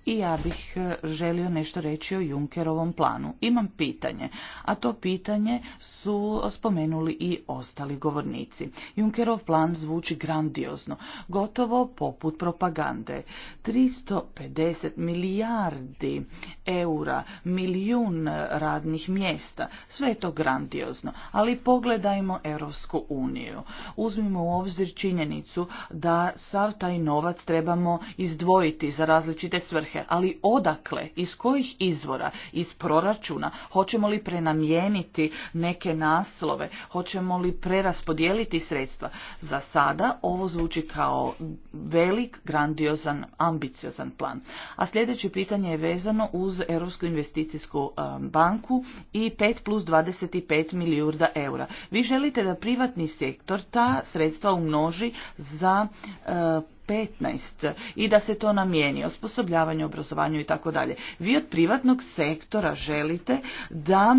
i ja bih e, želio nešto reći o Junkerovom planu. Imam pitanje, a to pitanje su spomenuli i ostali govornici. Junkerov plan zvuči grandiozno, gotovo poput propagande. 350 milijardi eura, milijun radnih mjesta, sve je to grandiozno, ali pogledajmo Europsku uniju. Uzmimo u obzir činjenicu da sav taj novac trebamo izdvojiti za različite svrhe svrhe, ali odakle, iz kojih izvora, iz proračuna, hoćemo li prenamijeniti neke naslove, hoćemo li preraspodijeliti sredstva. Za sada ovo zvuči kao velik, grandiozan, ambiciozan plan. A sljedeće pitanje je vezano uz Europsku investicijsku um, banku i 5 plus 25 milijurda eura. Vi želite da privatni sektor ta sredstva umnoži za uh, 15 i da se to namijeni, osposobljavanju, obrazovanju i tako dalje. Vi od privatnog sektora želite da,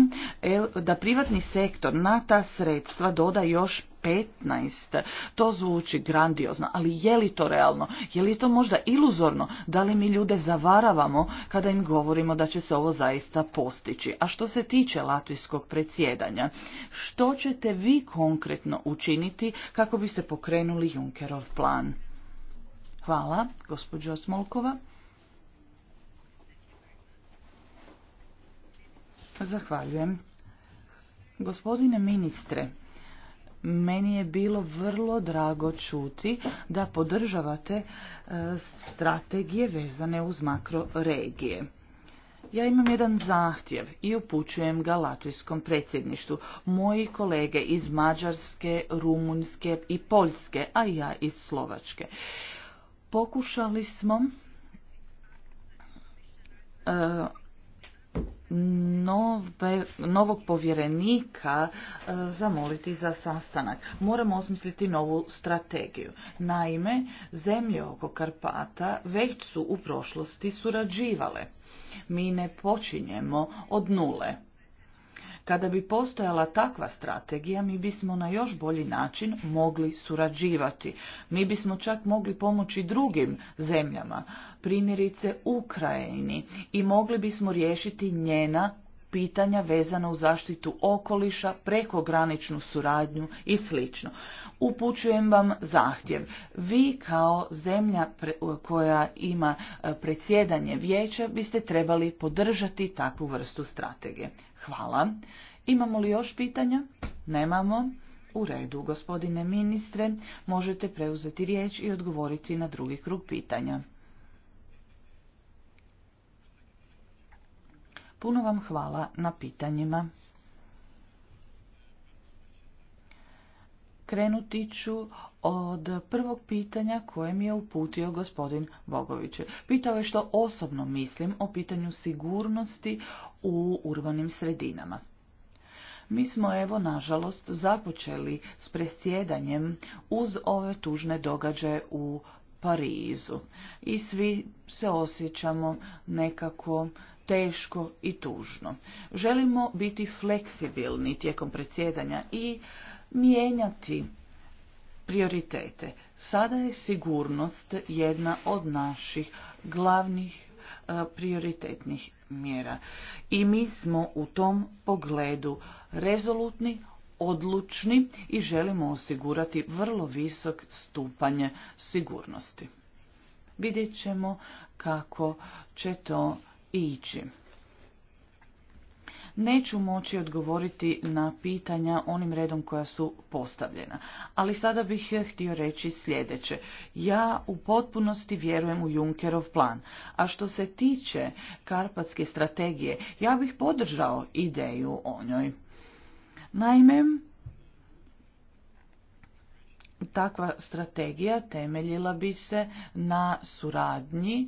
da privatni sektor na ta sredstva doda još 15. To zvuči grandiozno, ali je li to realno? Je li to možda iluzorno? Da li mi ljude zavaravamo kada im govorimo da će se ovo zaista postići? A što se tiče latvijskog predsjedanja, što ćete vi konkretno učiniti kako biste pokrenuli Junkerov plan? Hvala, gospođo Smolkova. Zahvaljujem. Gospodine ministre, meni je bilo vrlo drago čuti da podržavate e, strategije vezane uz makroregije. Ja imam jedan zahtjev i upućujem ga Latvijskom predsjedništu. Moji kolege iz Mađarske, Rumunjske i Poljske, a ja iz Slovačke. Pokušali smo e, novog povjerenika e, zamoliti za sastanak. Moramo osmisliti novu strategiju. Naime, zemlje oko Karpata već su u prošlosti surađivale. Mi ne počinjemo od nule. Kada bi postojala takva strategija, mi bismo na još bolji način mogli surađivati. Mi bismo čak mogli pomoći drugim zemljama, primjerice Ukrajini, i mogli bismo riješiti njena pitanja vezana u zaštitu okoliša, prekograničnu suradnju i sl. Upućujem vam zahtjev. Vi kao zemlja koja ima e, predsjedanje vijeća biste trebali podržati takvu vrstu strategije. Hvala. Imamo li još pitanja? Nemamo. U redu, gospodine ministre, možete preuzeti riječ i odgovoriti na drugi krug pitanja. Puno vam hvala na pitanjima. Krenuti ću od prvog pitanja koje mi je uputio gospodin Bogović. Pitao je što osobno mislim o pitanju sigurnosti u urbanim sredinama. Mi smo evo nažalost započeli s presjedanjem uz ove tužne događaje u Parizu i svi se osjećamo nekako teško i tužno. Želimo biti fleksibilni tijekom predsjedanja i mijenjati prioritete. Sada je sigurnost jedna od naših glavnih e, prioritetnih mjera. I mi smo u tom pogledu rezolutni, odlučni i želimo osigurati vrlo visok stupanj sigurnosti. Vidjet ćemo kako će to ići. Neću moći odgovoriti na pitanja onim redom koja su postavljena, ali sada bih htio reći sljedeće. Ja u potpunosti vjerujem u Junkerov plan, a što se tiče Karpatske strategije, ja bih podržao ideju o njoj. Naime, Takva strategija temeljila bi se na suradnji e,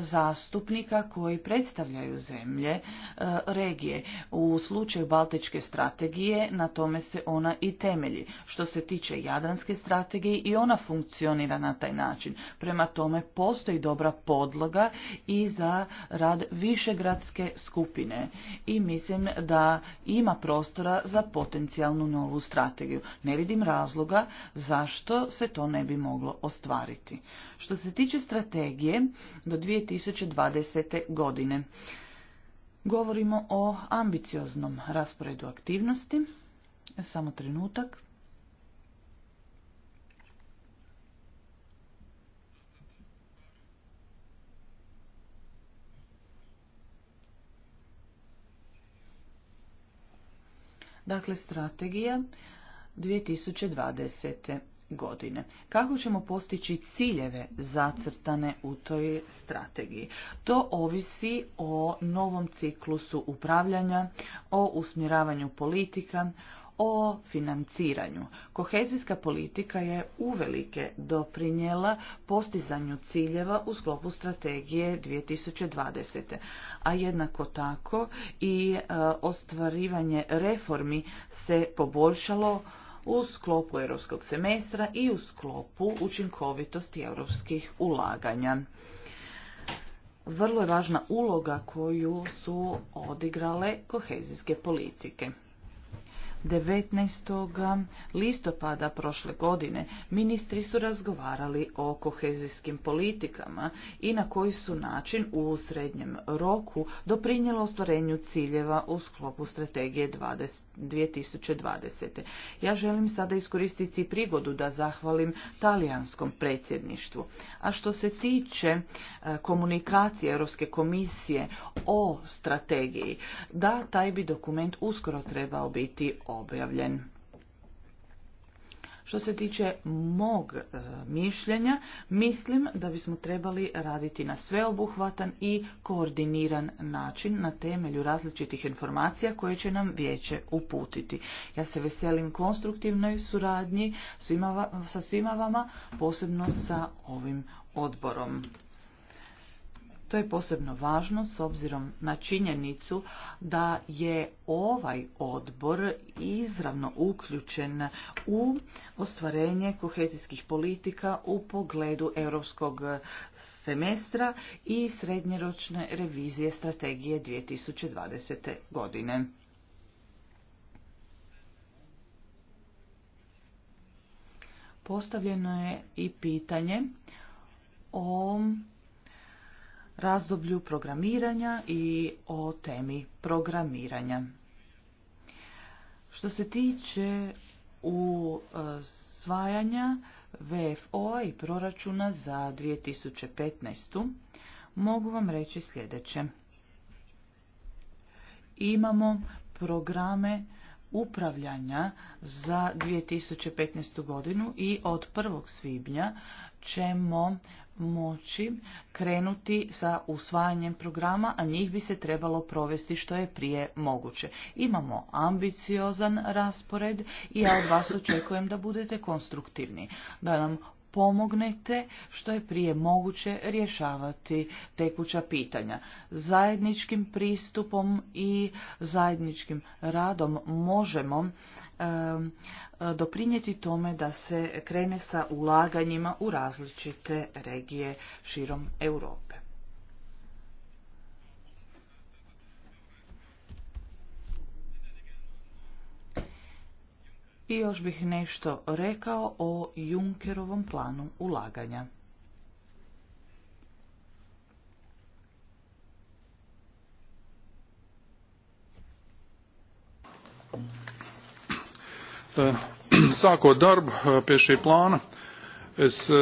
zastupnika koji predstavljaju zemlje e, regije. U slučaju Baltičke strategije na tome se ona i temelji. Što se tiče Jadranske strategije i ona funkcionira na taj način. Prema tome postoji dobra podloga i za rad višegradske skupine i mislim da ima prostora za potencijalnu novu strategiju. Ne vidim razloga zašto što se to ne bi moglo ostvariti. Što se tiče strategije do 2020. godine, govorimo o ambicioznom rasporedu aktivnosti. Samo trenutak. Dakle, strategija 2020 godine. Kako ćemo postići ciljeve zacrtane u toj strategiji? To ovisi o novom ciklusu upravljanja, o usmjeravanju politika, o financiranju. Kohezijska politika je uvelike doprinjela postizanju ciljeva u sklopu strategije 2020. A jednako tako i e, ostvarivanje reformi se poboljšalo u sklopu europskog semestra i u sklopu učinkovitosti europskih ulaganja. Vrlo je važna uloga koju su odigrale kohezijske politike. 19. listopada prošle godine ministri su razgovarali o kohezijskim politikama i na koji su način u srednjem roku doprinjelo ostvarenju ciljeva u sklopu strategije 2020. Ja želim sada iskoristiti prigodu da zahvalim talijanskom predsjedništvu. A što se tiče e, komunikacije Europske komisije o strategiji, da taj bi dokument uskoro trebao biti objavljen. Što se tiče mog e, mišljenja, mislim da bismo trebali raditi na sveobuhvatan i koordiniran način na temelju različitih informacija koje će nam vijeće uputiti. Ja se veselim konstruktivnoj suradnji sa svima vama, posebno sa ovim odborom. To je posebno važno s obzirom na činjenicu da je ovaj odbor izravno uključen u ostvarenje kohezijskih politika u pogledu europskog semestra i srednjeročne revizije strategije 2020. godine. Postavljeno je i pitanje o razdoblju programiranja i o temi programiranja. Što se tiče usvajanja e, VFO i proračuna za 2015. mogu vam reći sljedeće. Imamo programe upravljanja za 2015. godinu i od 1. svibnja ćemo moći krenuti sa usvajanjem programa, a njih bi se trebalo provesti što je prije moguće. Imamo ambiciozan raspored i ja od vas očekujem da budete konstruktivni, da nam pomognete što je prije moguće rješavati tekuća pitanja. Zajedničkim pristupom i zajedničkim radom možemo E, doprinijeti tome da se krene sa ulaganjima u različite regije širom Europe. I još bih nešto rekao o Junkerovom planu ulaganja. E, sākot darbu e, pie šī plāna, es e,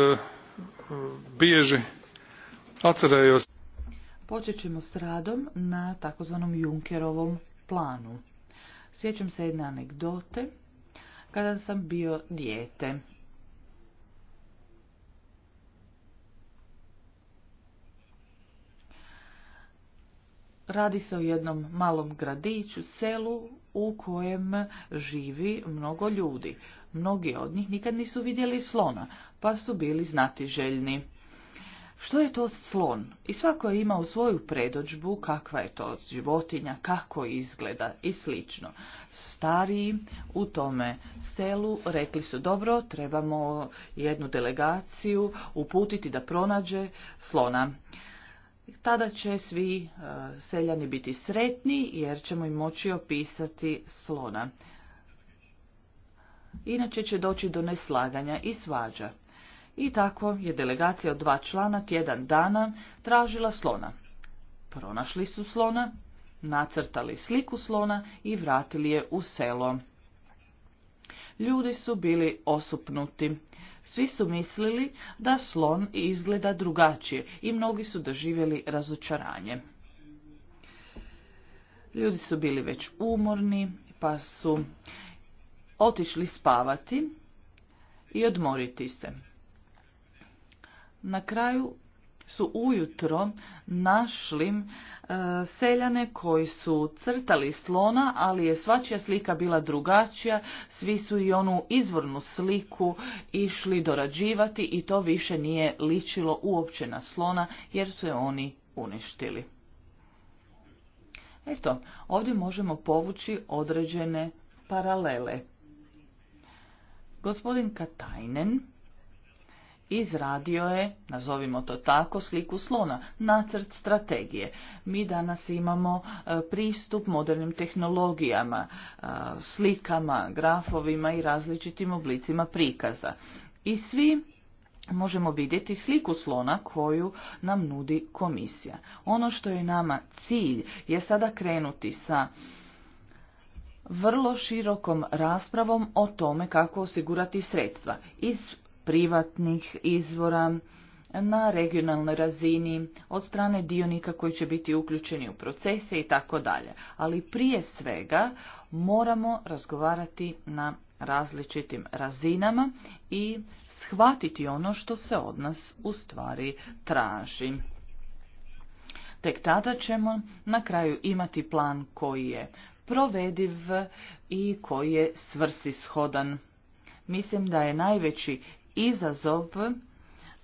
bieži atcerējos. Počet s radom na takozvanom Junkerovom planu. Sjećam se jedne anegdote kada sam bio dijete. Radi se o jednom malom gradiću, selu u kojem živi mnogo ljudi. Mnogi od njih nikad nisu vidjeli slona, pa su bili znatiželjni. Što je to slon? I svako je imao svoju predođbu, kakva je to životinja, kako izgleda i slično. Stariji u tome selu rekli su dobro, trebamo jednu delegaciju uputiti da pronađe slona. Tada će svi e, seljani biti sretni jer ćemo im moći opisati slona. Inače će doći do neslaganja i svađa. I tako je delegacija od dva člana tjedan dana tražila slona. Pronašli su slona, nacrtali sliku slona i vratili je u selo. Ljudi su bili osupnuti. Svi su mislili da slon izgleda drugačije i mnogi su doživjeli razočaranje. Ljudi su bili već umorni, pa su otišli spavati i odmoriti se. Na kraju su ujutro našli e, seljane koji su crtali slona, ali je svačija slika bila drugačija, svi su i onu izvornu sliku išli dorađivati i to više nije ličilo uopće na slona jer su je oni uništili. Eto, ovdje možemo povući određene paralele. Gospodin Katajnen izradio je, nazovimo to tako, sliku slona, nacrt strategije. Mi danas imamo e, pristup modernim tehnologijama, e, slikama, grafovima i različitim oblicima prikaza. I svi možemo vidjeti sliku slona koju nam nudi komisija. Ono što je nama cilj je sada krenuti sa vrlo širokom raspravom o tome kako osigurati sredstva. Iz privatnih izvora na regionalnoj razini od strane dionika koji će biti uključeni u procese i tako dalje. Ali prije svega moramo razgovarati na različitim razinama i shvatiti ono što se od nas u stvari traži. Tek tada ćemo na kraju imati plan koji je provediv i koji je svrsishodan. Mislim da je najveći izazov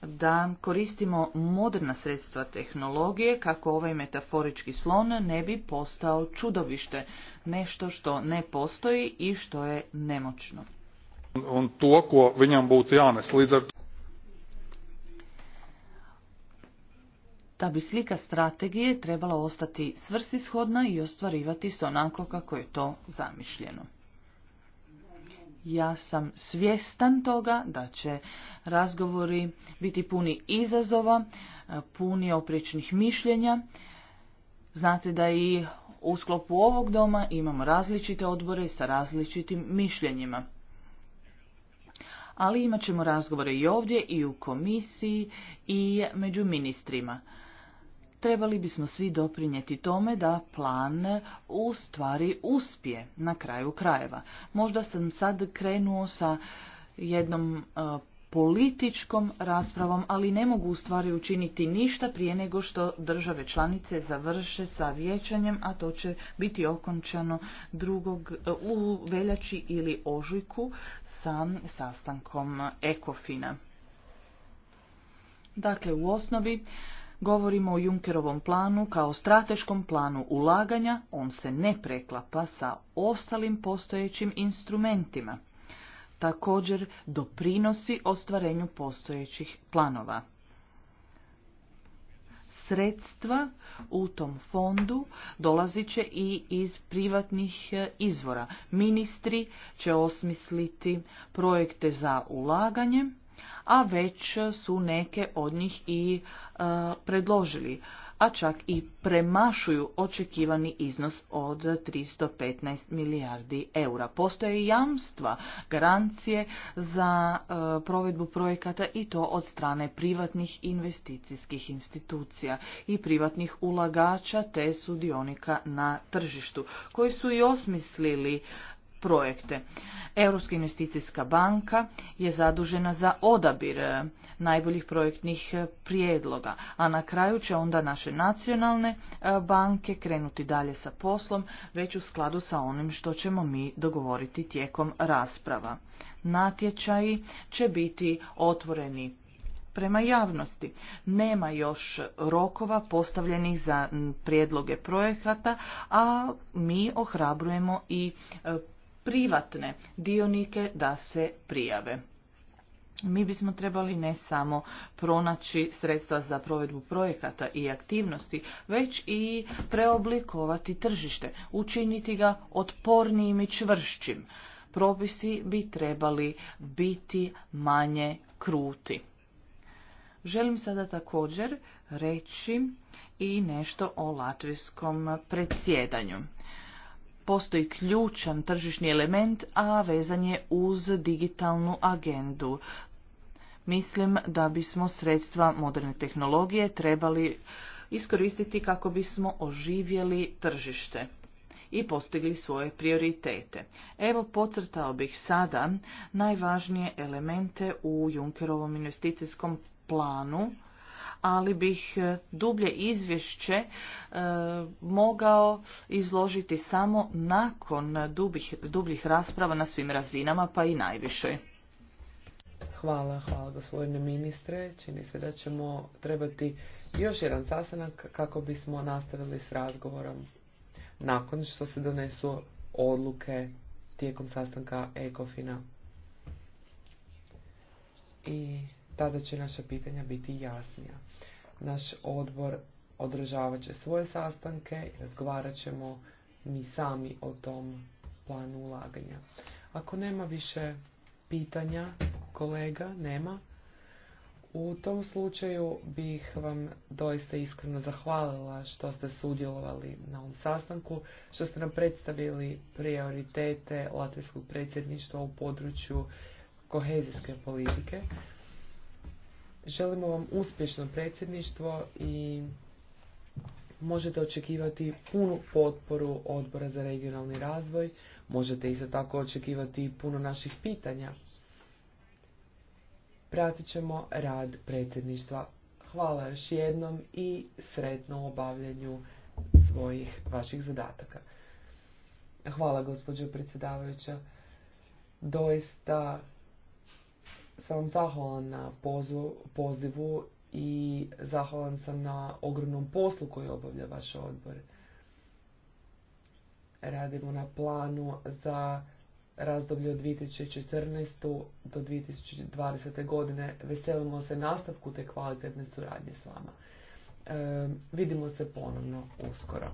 da koristimo moderna sredstva tehnologije kako ovaj metaforički slon ne bi postao čudovište, nešto što ne postoji i što je nemoćno. to, ko Da bi slika strategije trebala ostati svrsishodna i ostvarivati se onako kako je to zamišljeno ja sam svjestan toga da će razgovori biti puni izazova, e, puni oprečnih mišljenja. Znate da i u sklopu ovog doma imamo različite odbore sa različitim mišljenjima. Ali imat ćemo razgovore i ovdje i u komisiji i među ministrima trebali bismo svi doprinijeti tome da plan u stvari uspije na kraju krajeva. Možda sam sad krenuo sa jednom e, političkom raspravom, ali ne mogu u stvari učiniti ništa prije nego što države članice završe sa vijećanjem, a to će biti okončano drugog e, u veljači ili ožujku sa sastankom Ekofina. Dakle, u osnovi Govorimo o Junkerovom planu kao strateškom planu ulaganja, on se ne preklapa sa ostalim postojećim instrumentima. Također doprinosi ostvarenju postojećih planova. Sredstva u tom fondu dolazit će i iz privatnih e, izvora. Ministri će osmisliti projekte za ulaganje a već su neke od njih i e, predložili, a čak i premašuju očekivani iznos od 315 milijardi eura. Postoje jamstva, garancije za e, provedbu projekata i to od strane privatnih investicijskih institucija i privatnih ulagača te sudionika na tržištu, koji su i osmislili projekte. Europska investicijska banka je zadužena za odabir e, najboljih projektnih e, prijedloga, a na kraju će onda naše nacionalne e, banke krenuti dalje sa poslom, već u skladu sa onim što ćemo mi dogovoriti tijekom rasprava. Natječaji će biti otvoreni prema javnosti. Nema još rokova postavljenih za prijedloge projekata, a mi ohrabrujemo i privatne dionike da se prijave. Mi bismo trebali ne samo pronaći sredstva za provedbu projekata i aktivnosti, već i preoblikovati tržište, učiniti ga otpornijim i čvršćim. Propisi bi trebali biti manje kruti. Želim sada također reći i nešto o latvijskom predsjedanju postoji ključan tržišni element, a vezan je uz digitalnu agendu. Mislim da bismo sredstva moderne tehnologije trebali iskoristiti kako bismo oživjeli tržište i postigli svoje prioritete. Evo pocrtao bih sada najvažnije elemente u Junkerovom investicijskom planu ali bih e, dublje izvješće e, mogao izložiti samo nakon dubih, dubljih rasprava na svim razinama, pa i najviše. Hvala, hvala gospodine ministre. Čini se da ćemo trebati još jedan sastanak kako bismo nastavili s razgovorom nakon što se donesu odluke tijekom sastanka Ekofina. I tada će naša pitanja biti jasnija. Naš odbor održavat će svoje sastanke i razgovarat ćemo mi sami o tom planu ulaganja. Ako nema više pitanja, kolega, nema, u tom slučaju bih vam doista iskreno zahvalila što ste sudjelovali na ovom sastanku, što ste nam predstavili prioritete Latvijskog predsjedništva u području kohezijske politike. Želimo vam uspješno predsjedništvo i možete očekivati punu potporu odbora za regionalni razvoj, možete isto tako očekivati puno naših pitanja. Pratit ćemo rad predsjedništva. Hvala još jednom i sretno u obavljanju svojih vaših zadataka. Hvala gospođo predsjedavajuća. Doista sam vam zahvalan na pozivu i zahvalan sam na ogromnom poslu koji obavlja vaš odbor. Radimo na planu za razdoblje od 2014. do 2020. godine. Veselimo se nastavku te kvalitetne suradnje s vama. vidimo se ponovno uskoro.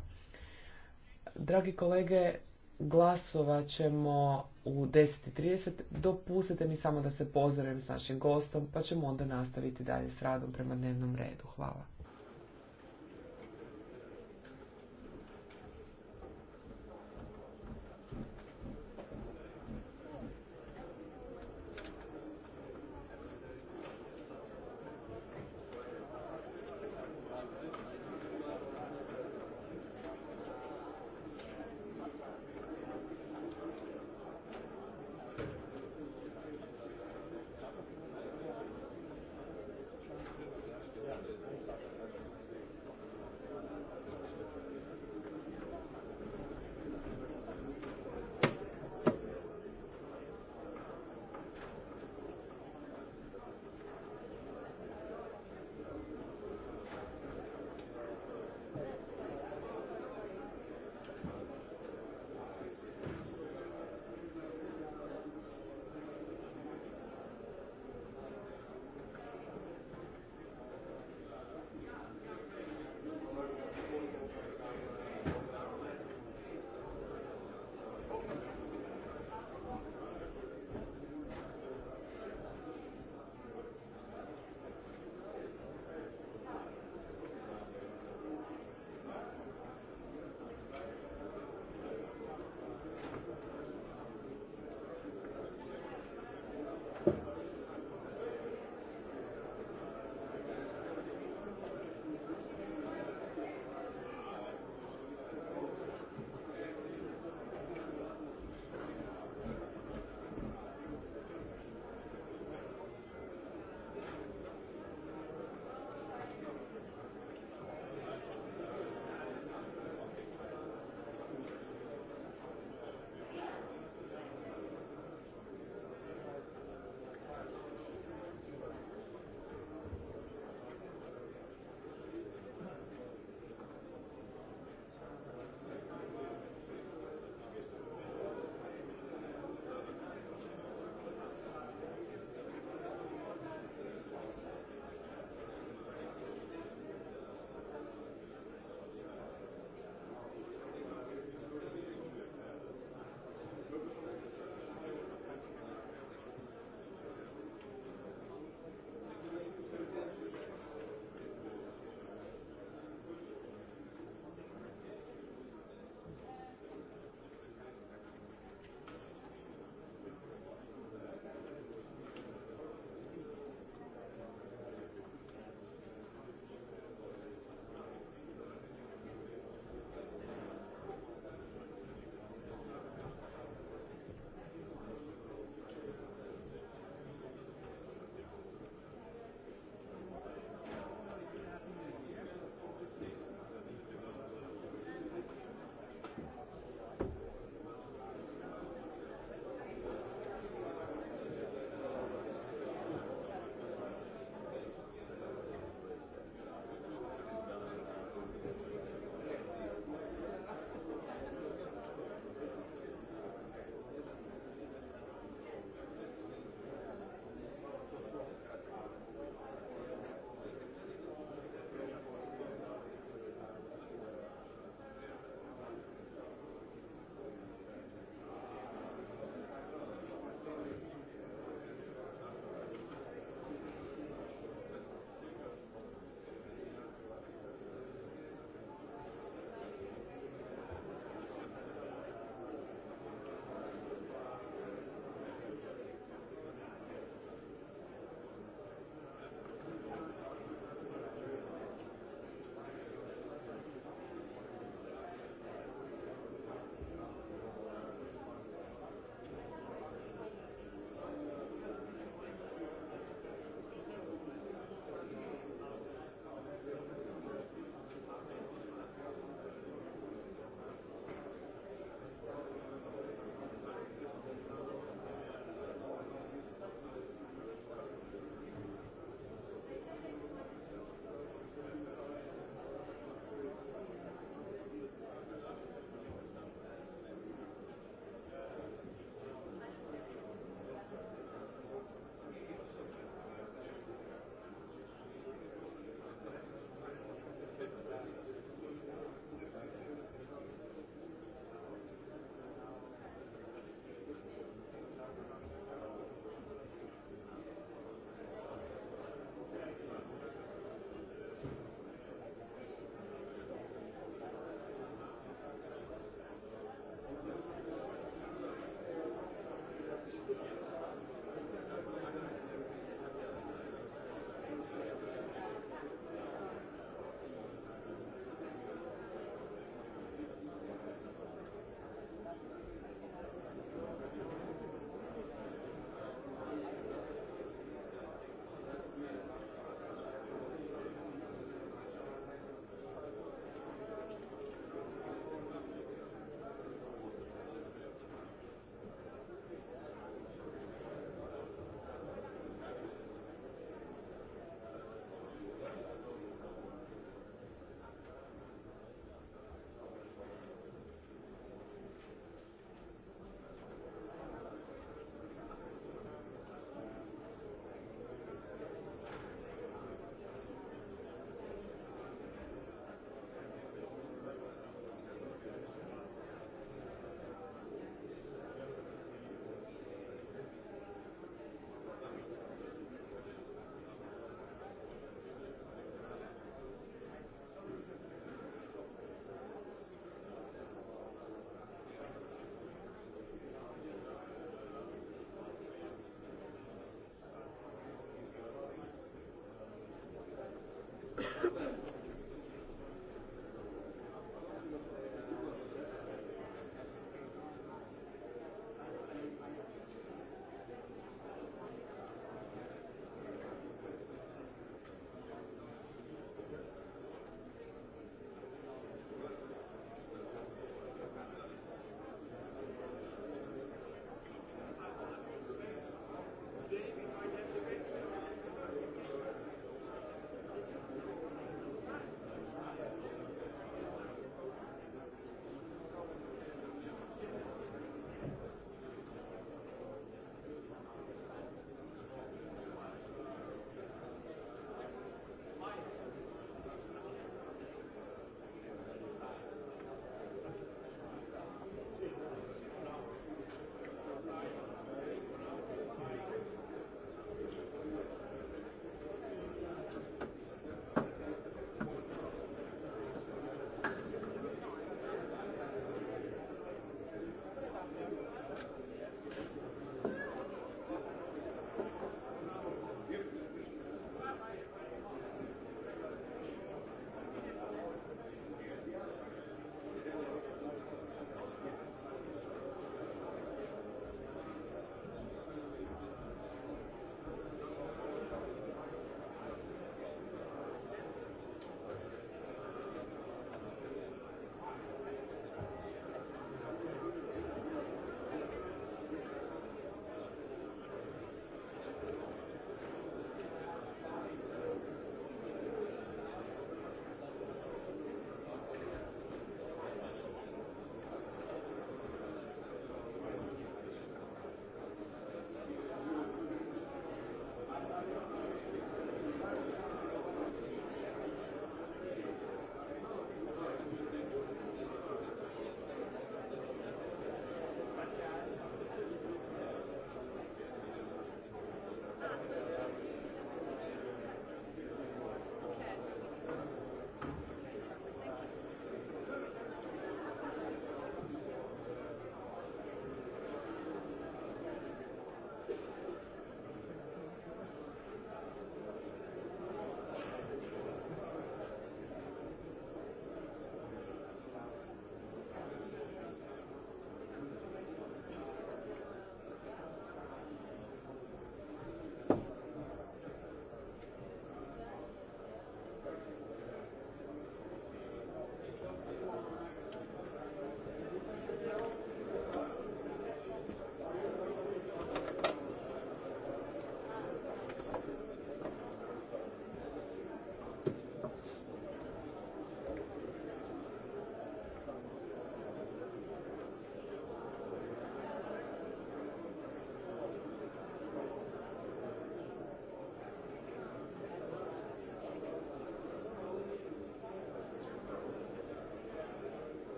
Dragi kolege, Glasovat ćemo u 10.30. Dopustite mi samo da se pozdravim s našim gostom, pa ćemo onda nastaviti dalje s radom prema dnevnom redu. Hvala.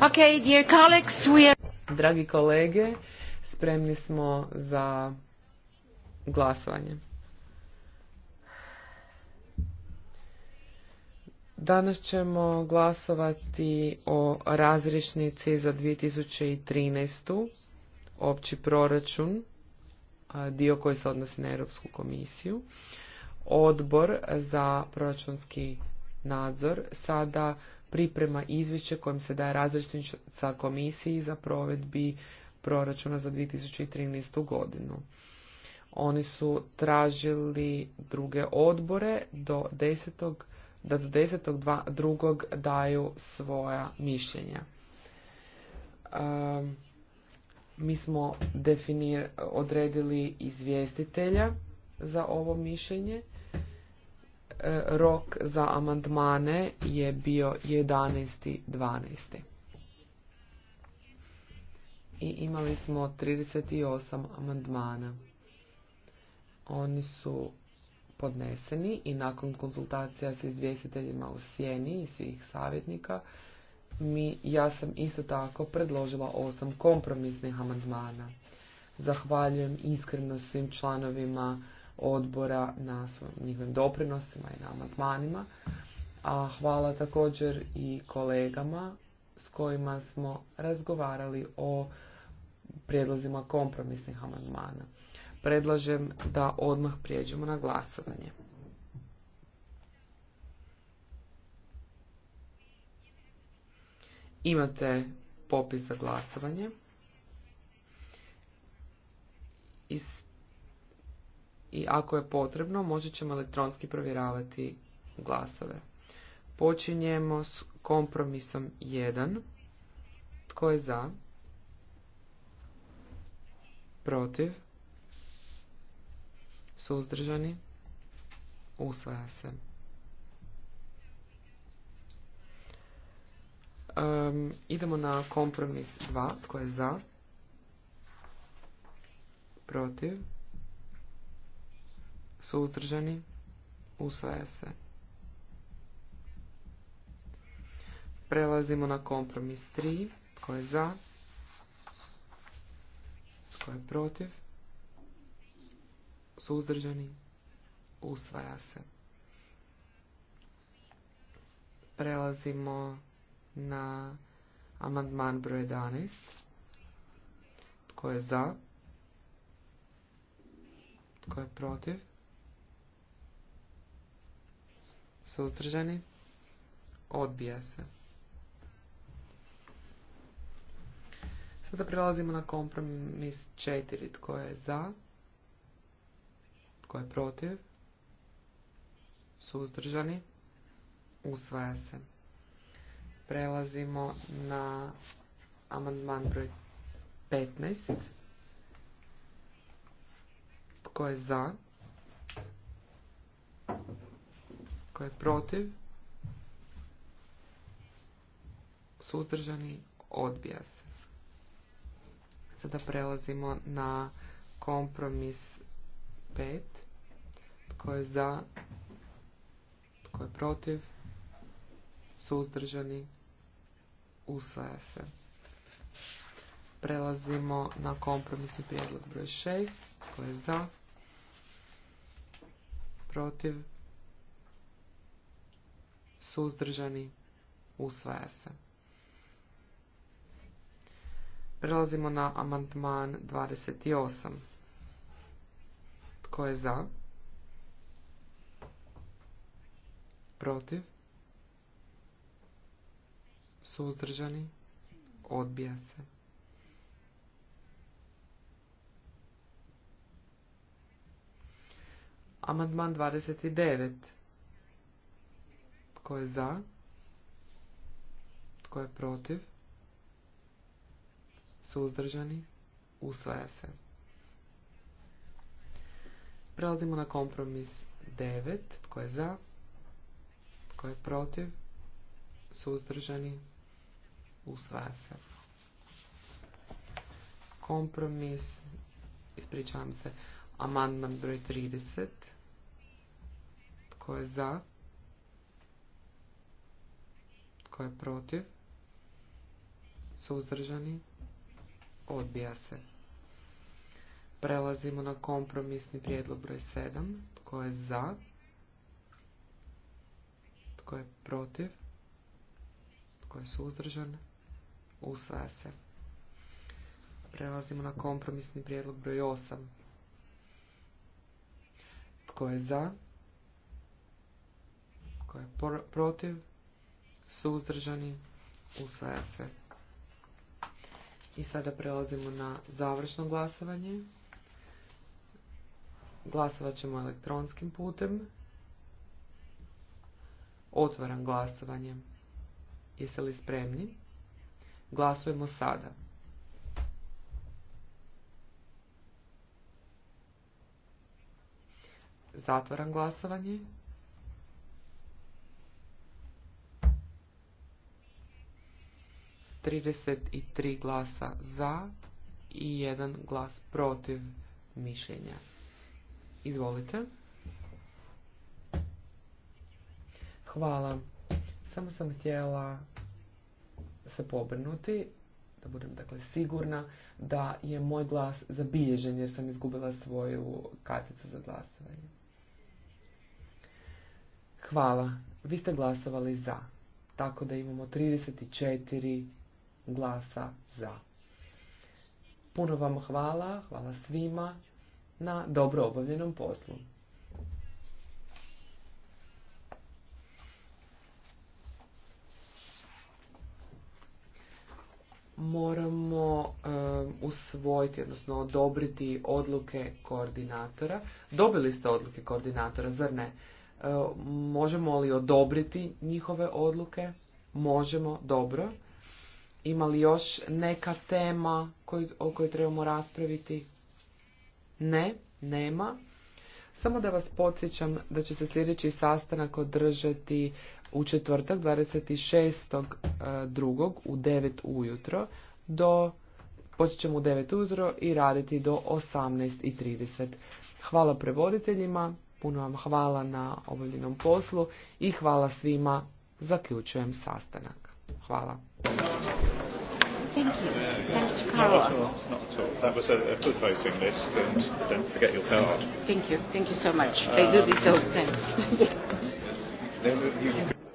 Okay, Dragi kolege, spremni smo za glasovanje. Danas ćemo glasovati o razrišnici za 2013. opći proračun, dio koji se odnosi na Europsku komisiju. Odbor za proračunski nadzor sada priprema izvješće kojim se daje različnica komisiji za provedbi proračuna za 2013. godinu. Oni su tražili druge odbore do 10. da do 10. drugog daju svoja mišljenja. Ehm, mi smo definir, odredili izvjestitelja za ovo mišljenje E, rok za amandmane je bio 11.12. I imali smo 38 amandmana. Oni su podneseni i nakon konzultacija s izvjestiteljima u sjeni i svih savjetnika mi, ja sam isto tako predložila osam kompromisnih amandmana. Zahvaljujem iskreno svim članovima odbora na svojim njihovim doprinosima i na amandmanima. A hvala također i kolegama s kojima smo razgovarali o prijedlozima kompromisnih amandmana. Predlažem da odmah prijeđemo na glasovanje. Imate popis za glasovanje. Iz i ako je potrebno moći ćemo elektronski provjeravati glasove. Počinjemo s kompromisom 1. Tko je za? Protiv? Suzdržani? Usvaja se. idemo na kompromis 2. Tko je za? Protiv? suzdržani, usvaja se. Prelazimo na kompromis 3, tko je za, tko je protiv, suzdržani, usvaja se. Prelazimo na amandman broj 11. Tko je za? Tko je protiv? Suzdržani? Odbija se. Sada prelazimo na kompromis četiri, Tko je za? Tko je protiv? Suzdržani? Usvaja se. Prelazimo na amandman broj 15. Tko je za? Tko je protiv? Suzdržani odbija se. Sada prelazimo na kompromis 5. Tko je za? Tko je protiv? Suzdržani usvaja se. Prelazimo na kompromisni prijedlog broj 6. Tko je za? Protiv? suzdržani, usvaja se. Prelazimo na amandman 28. Tko je za? Protiv? Suzdržani? Odbija se. Amandman 29. Tko je za? Tko je protiv? Suzdržani? Usvaja se. Prelazimo na kompromis 9. Tko je za? Tko je protiv? Suzdržani? Usvaja se. Kompromis, ispričavam se, amandman broj 30. Tko je za? Tko je protiv? Suzdržani? Odbija se. Prelazimo na kompromisni prijedlog broj 7. Tko je za? Tko je protiv? Tko je suzdržan? Usvaja se. Prelazimo na kompromisni prijedlog broj 8. Tko je za? Tko je protiv? suzdržani, usvaja se. I sada prelazimo na završno glasovanje. Glasovat ćemo elektronskim putem. Otvaram glasovanje. Jeste li spremni? Glasujemo sada. Zatvaram glasovanje. 33 glasa za i jedan glas protiv mišljenja. Izvolite. Hvala. Samo sam htjela se pobrnuti, da budem dakle sigurna da je moj glas zabilježen jer sam izgubila svoju karticu za glasovanje. Hvala. Vi ste glasovali za. Tako da imamo 34 glasa za. Puno vam hvala, hvala svima na dobro obavljenom poslu. moramo e, usvojiti, odnosno odobriti odluke koordinatora. Dobili ste odluke koordinatora, zar ne? E, možemo li odobriti njihove odluke? Možemo, dobro. Ima li još neka tema o kojoj trebamo raspraviti? Ne, nema. Samo da vas podsjećam da će se sljedeći sastanak održati u četvrtak 26.2. E, u 9 ujutro do počet ćemo u 9 ujutro i raditi do 18.30. Hvala prevoditeljima, puno vam hvala na obavljenom poslu i hvala svima, zaključujem sastanak. Hvala. Thank you. Thanks, Carla. No, not at all. That was a, a good voting list, and don't forget your card. Thank you. Thank you so much. Um, they I do this all the time.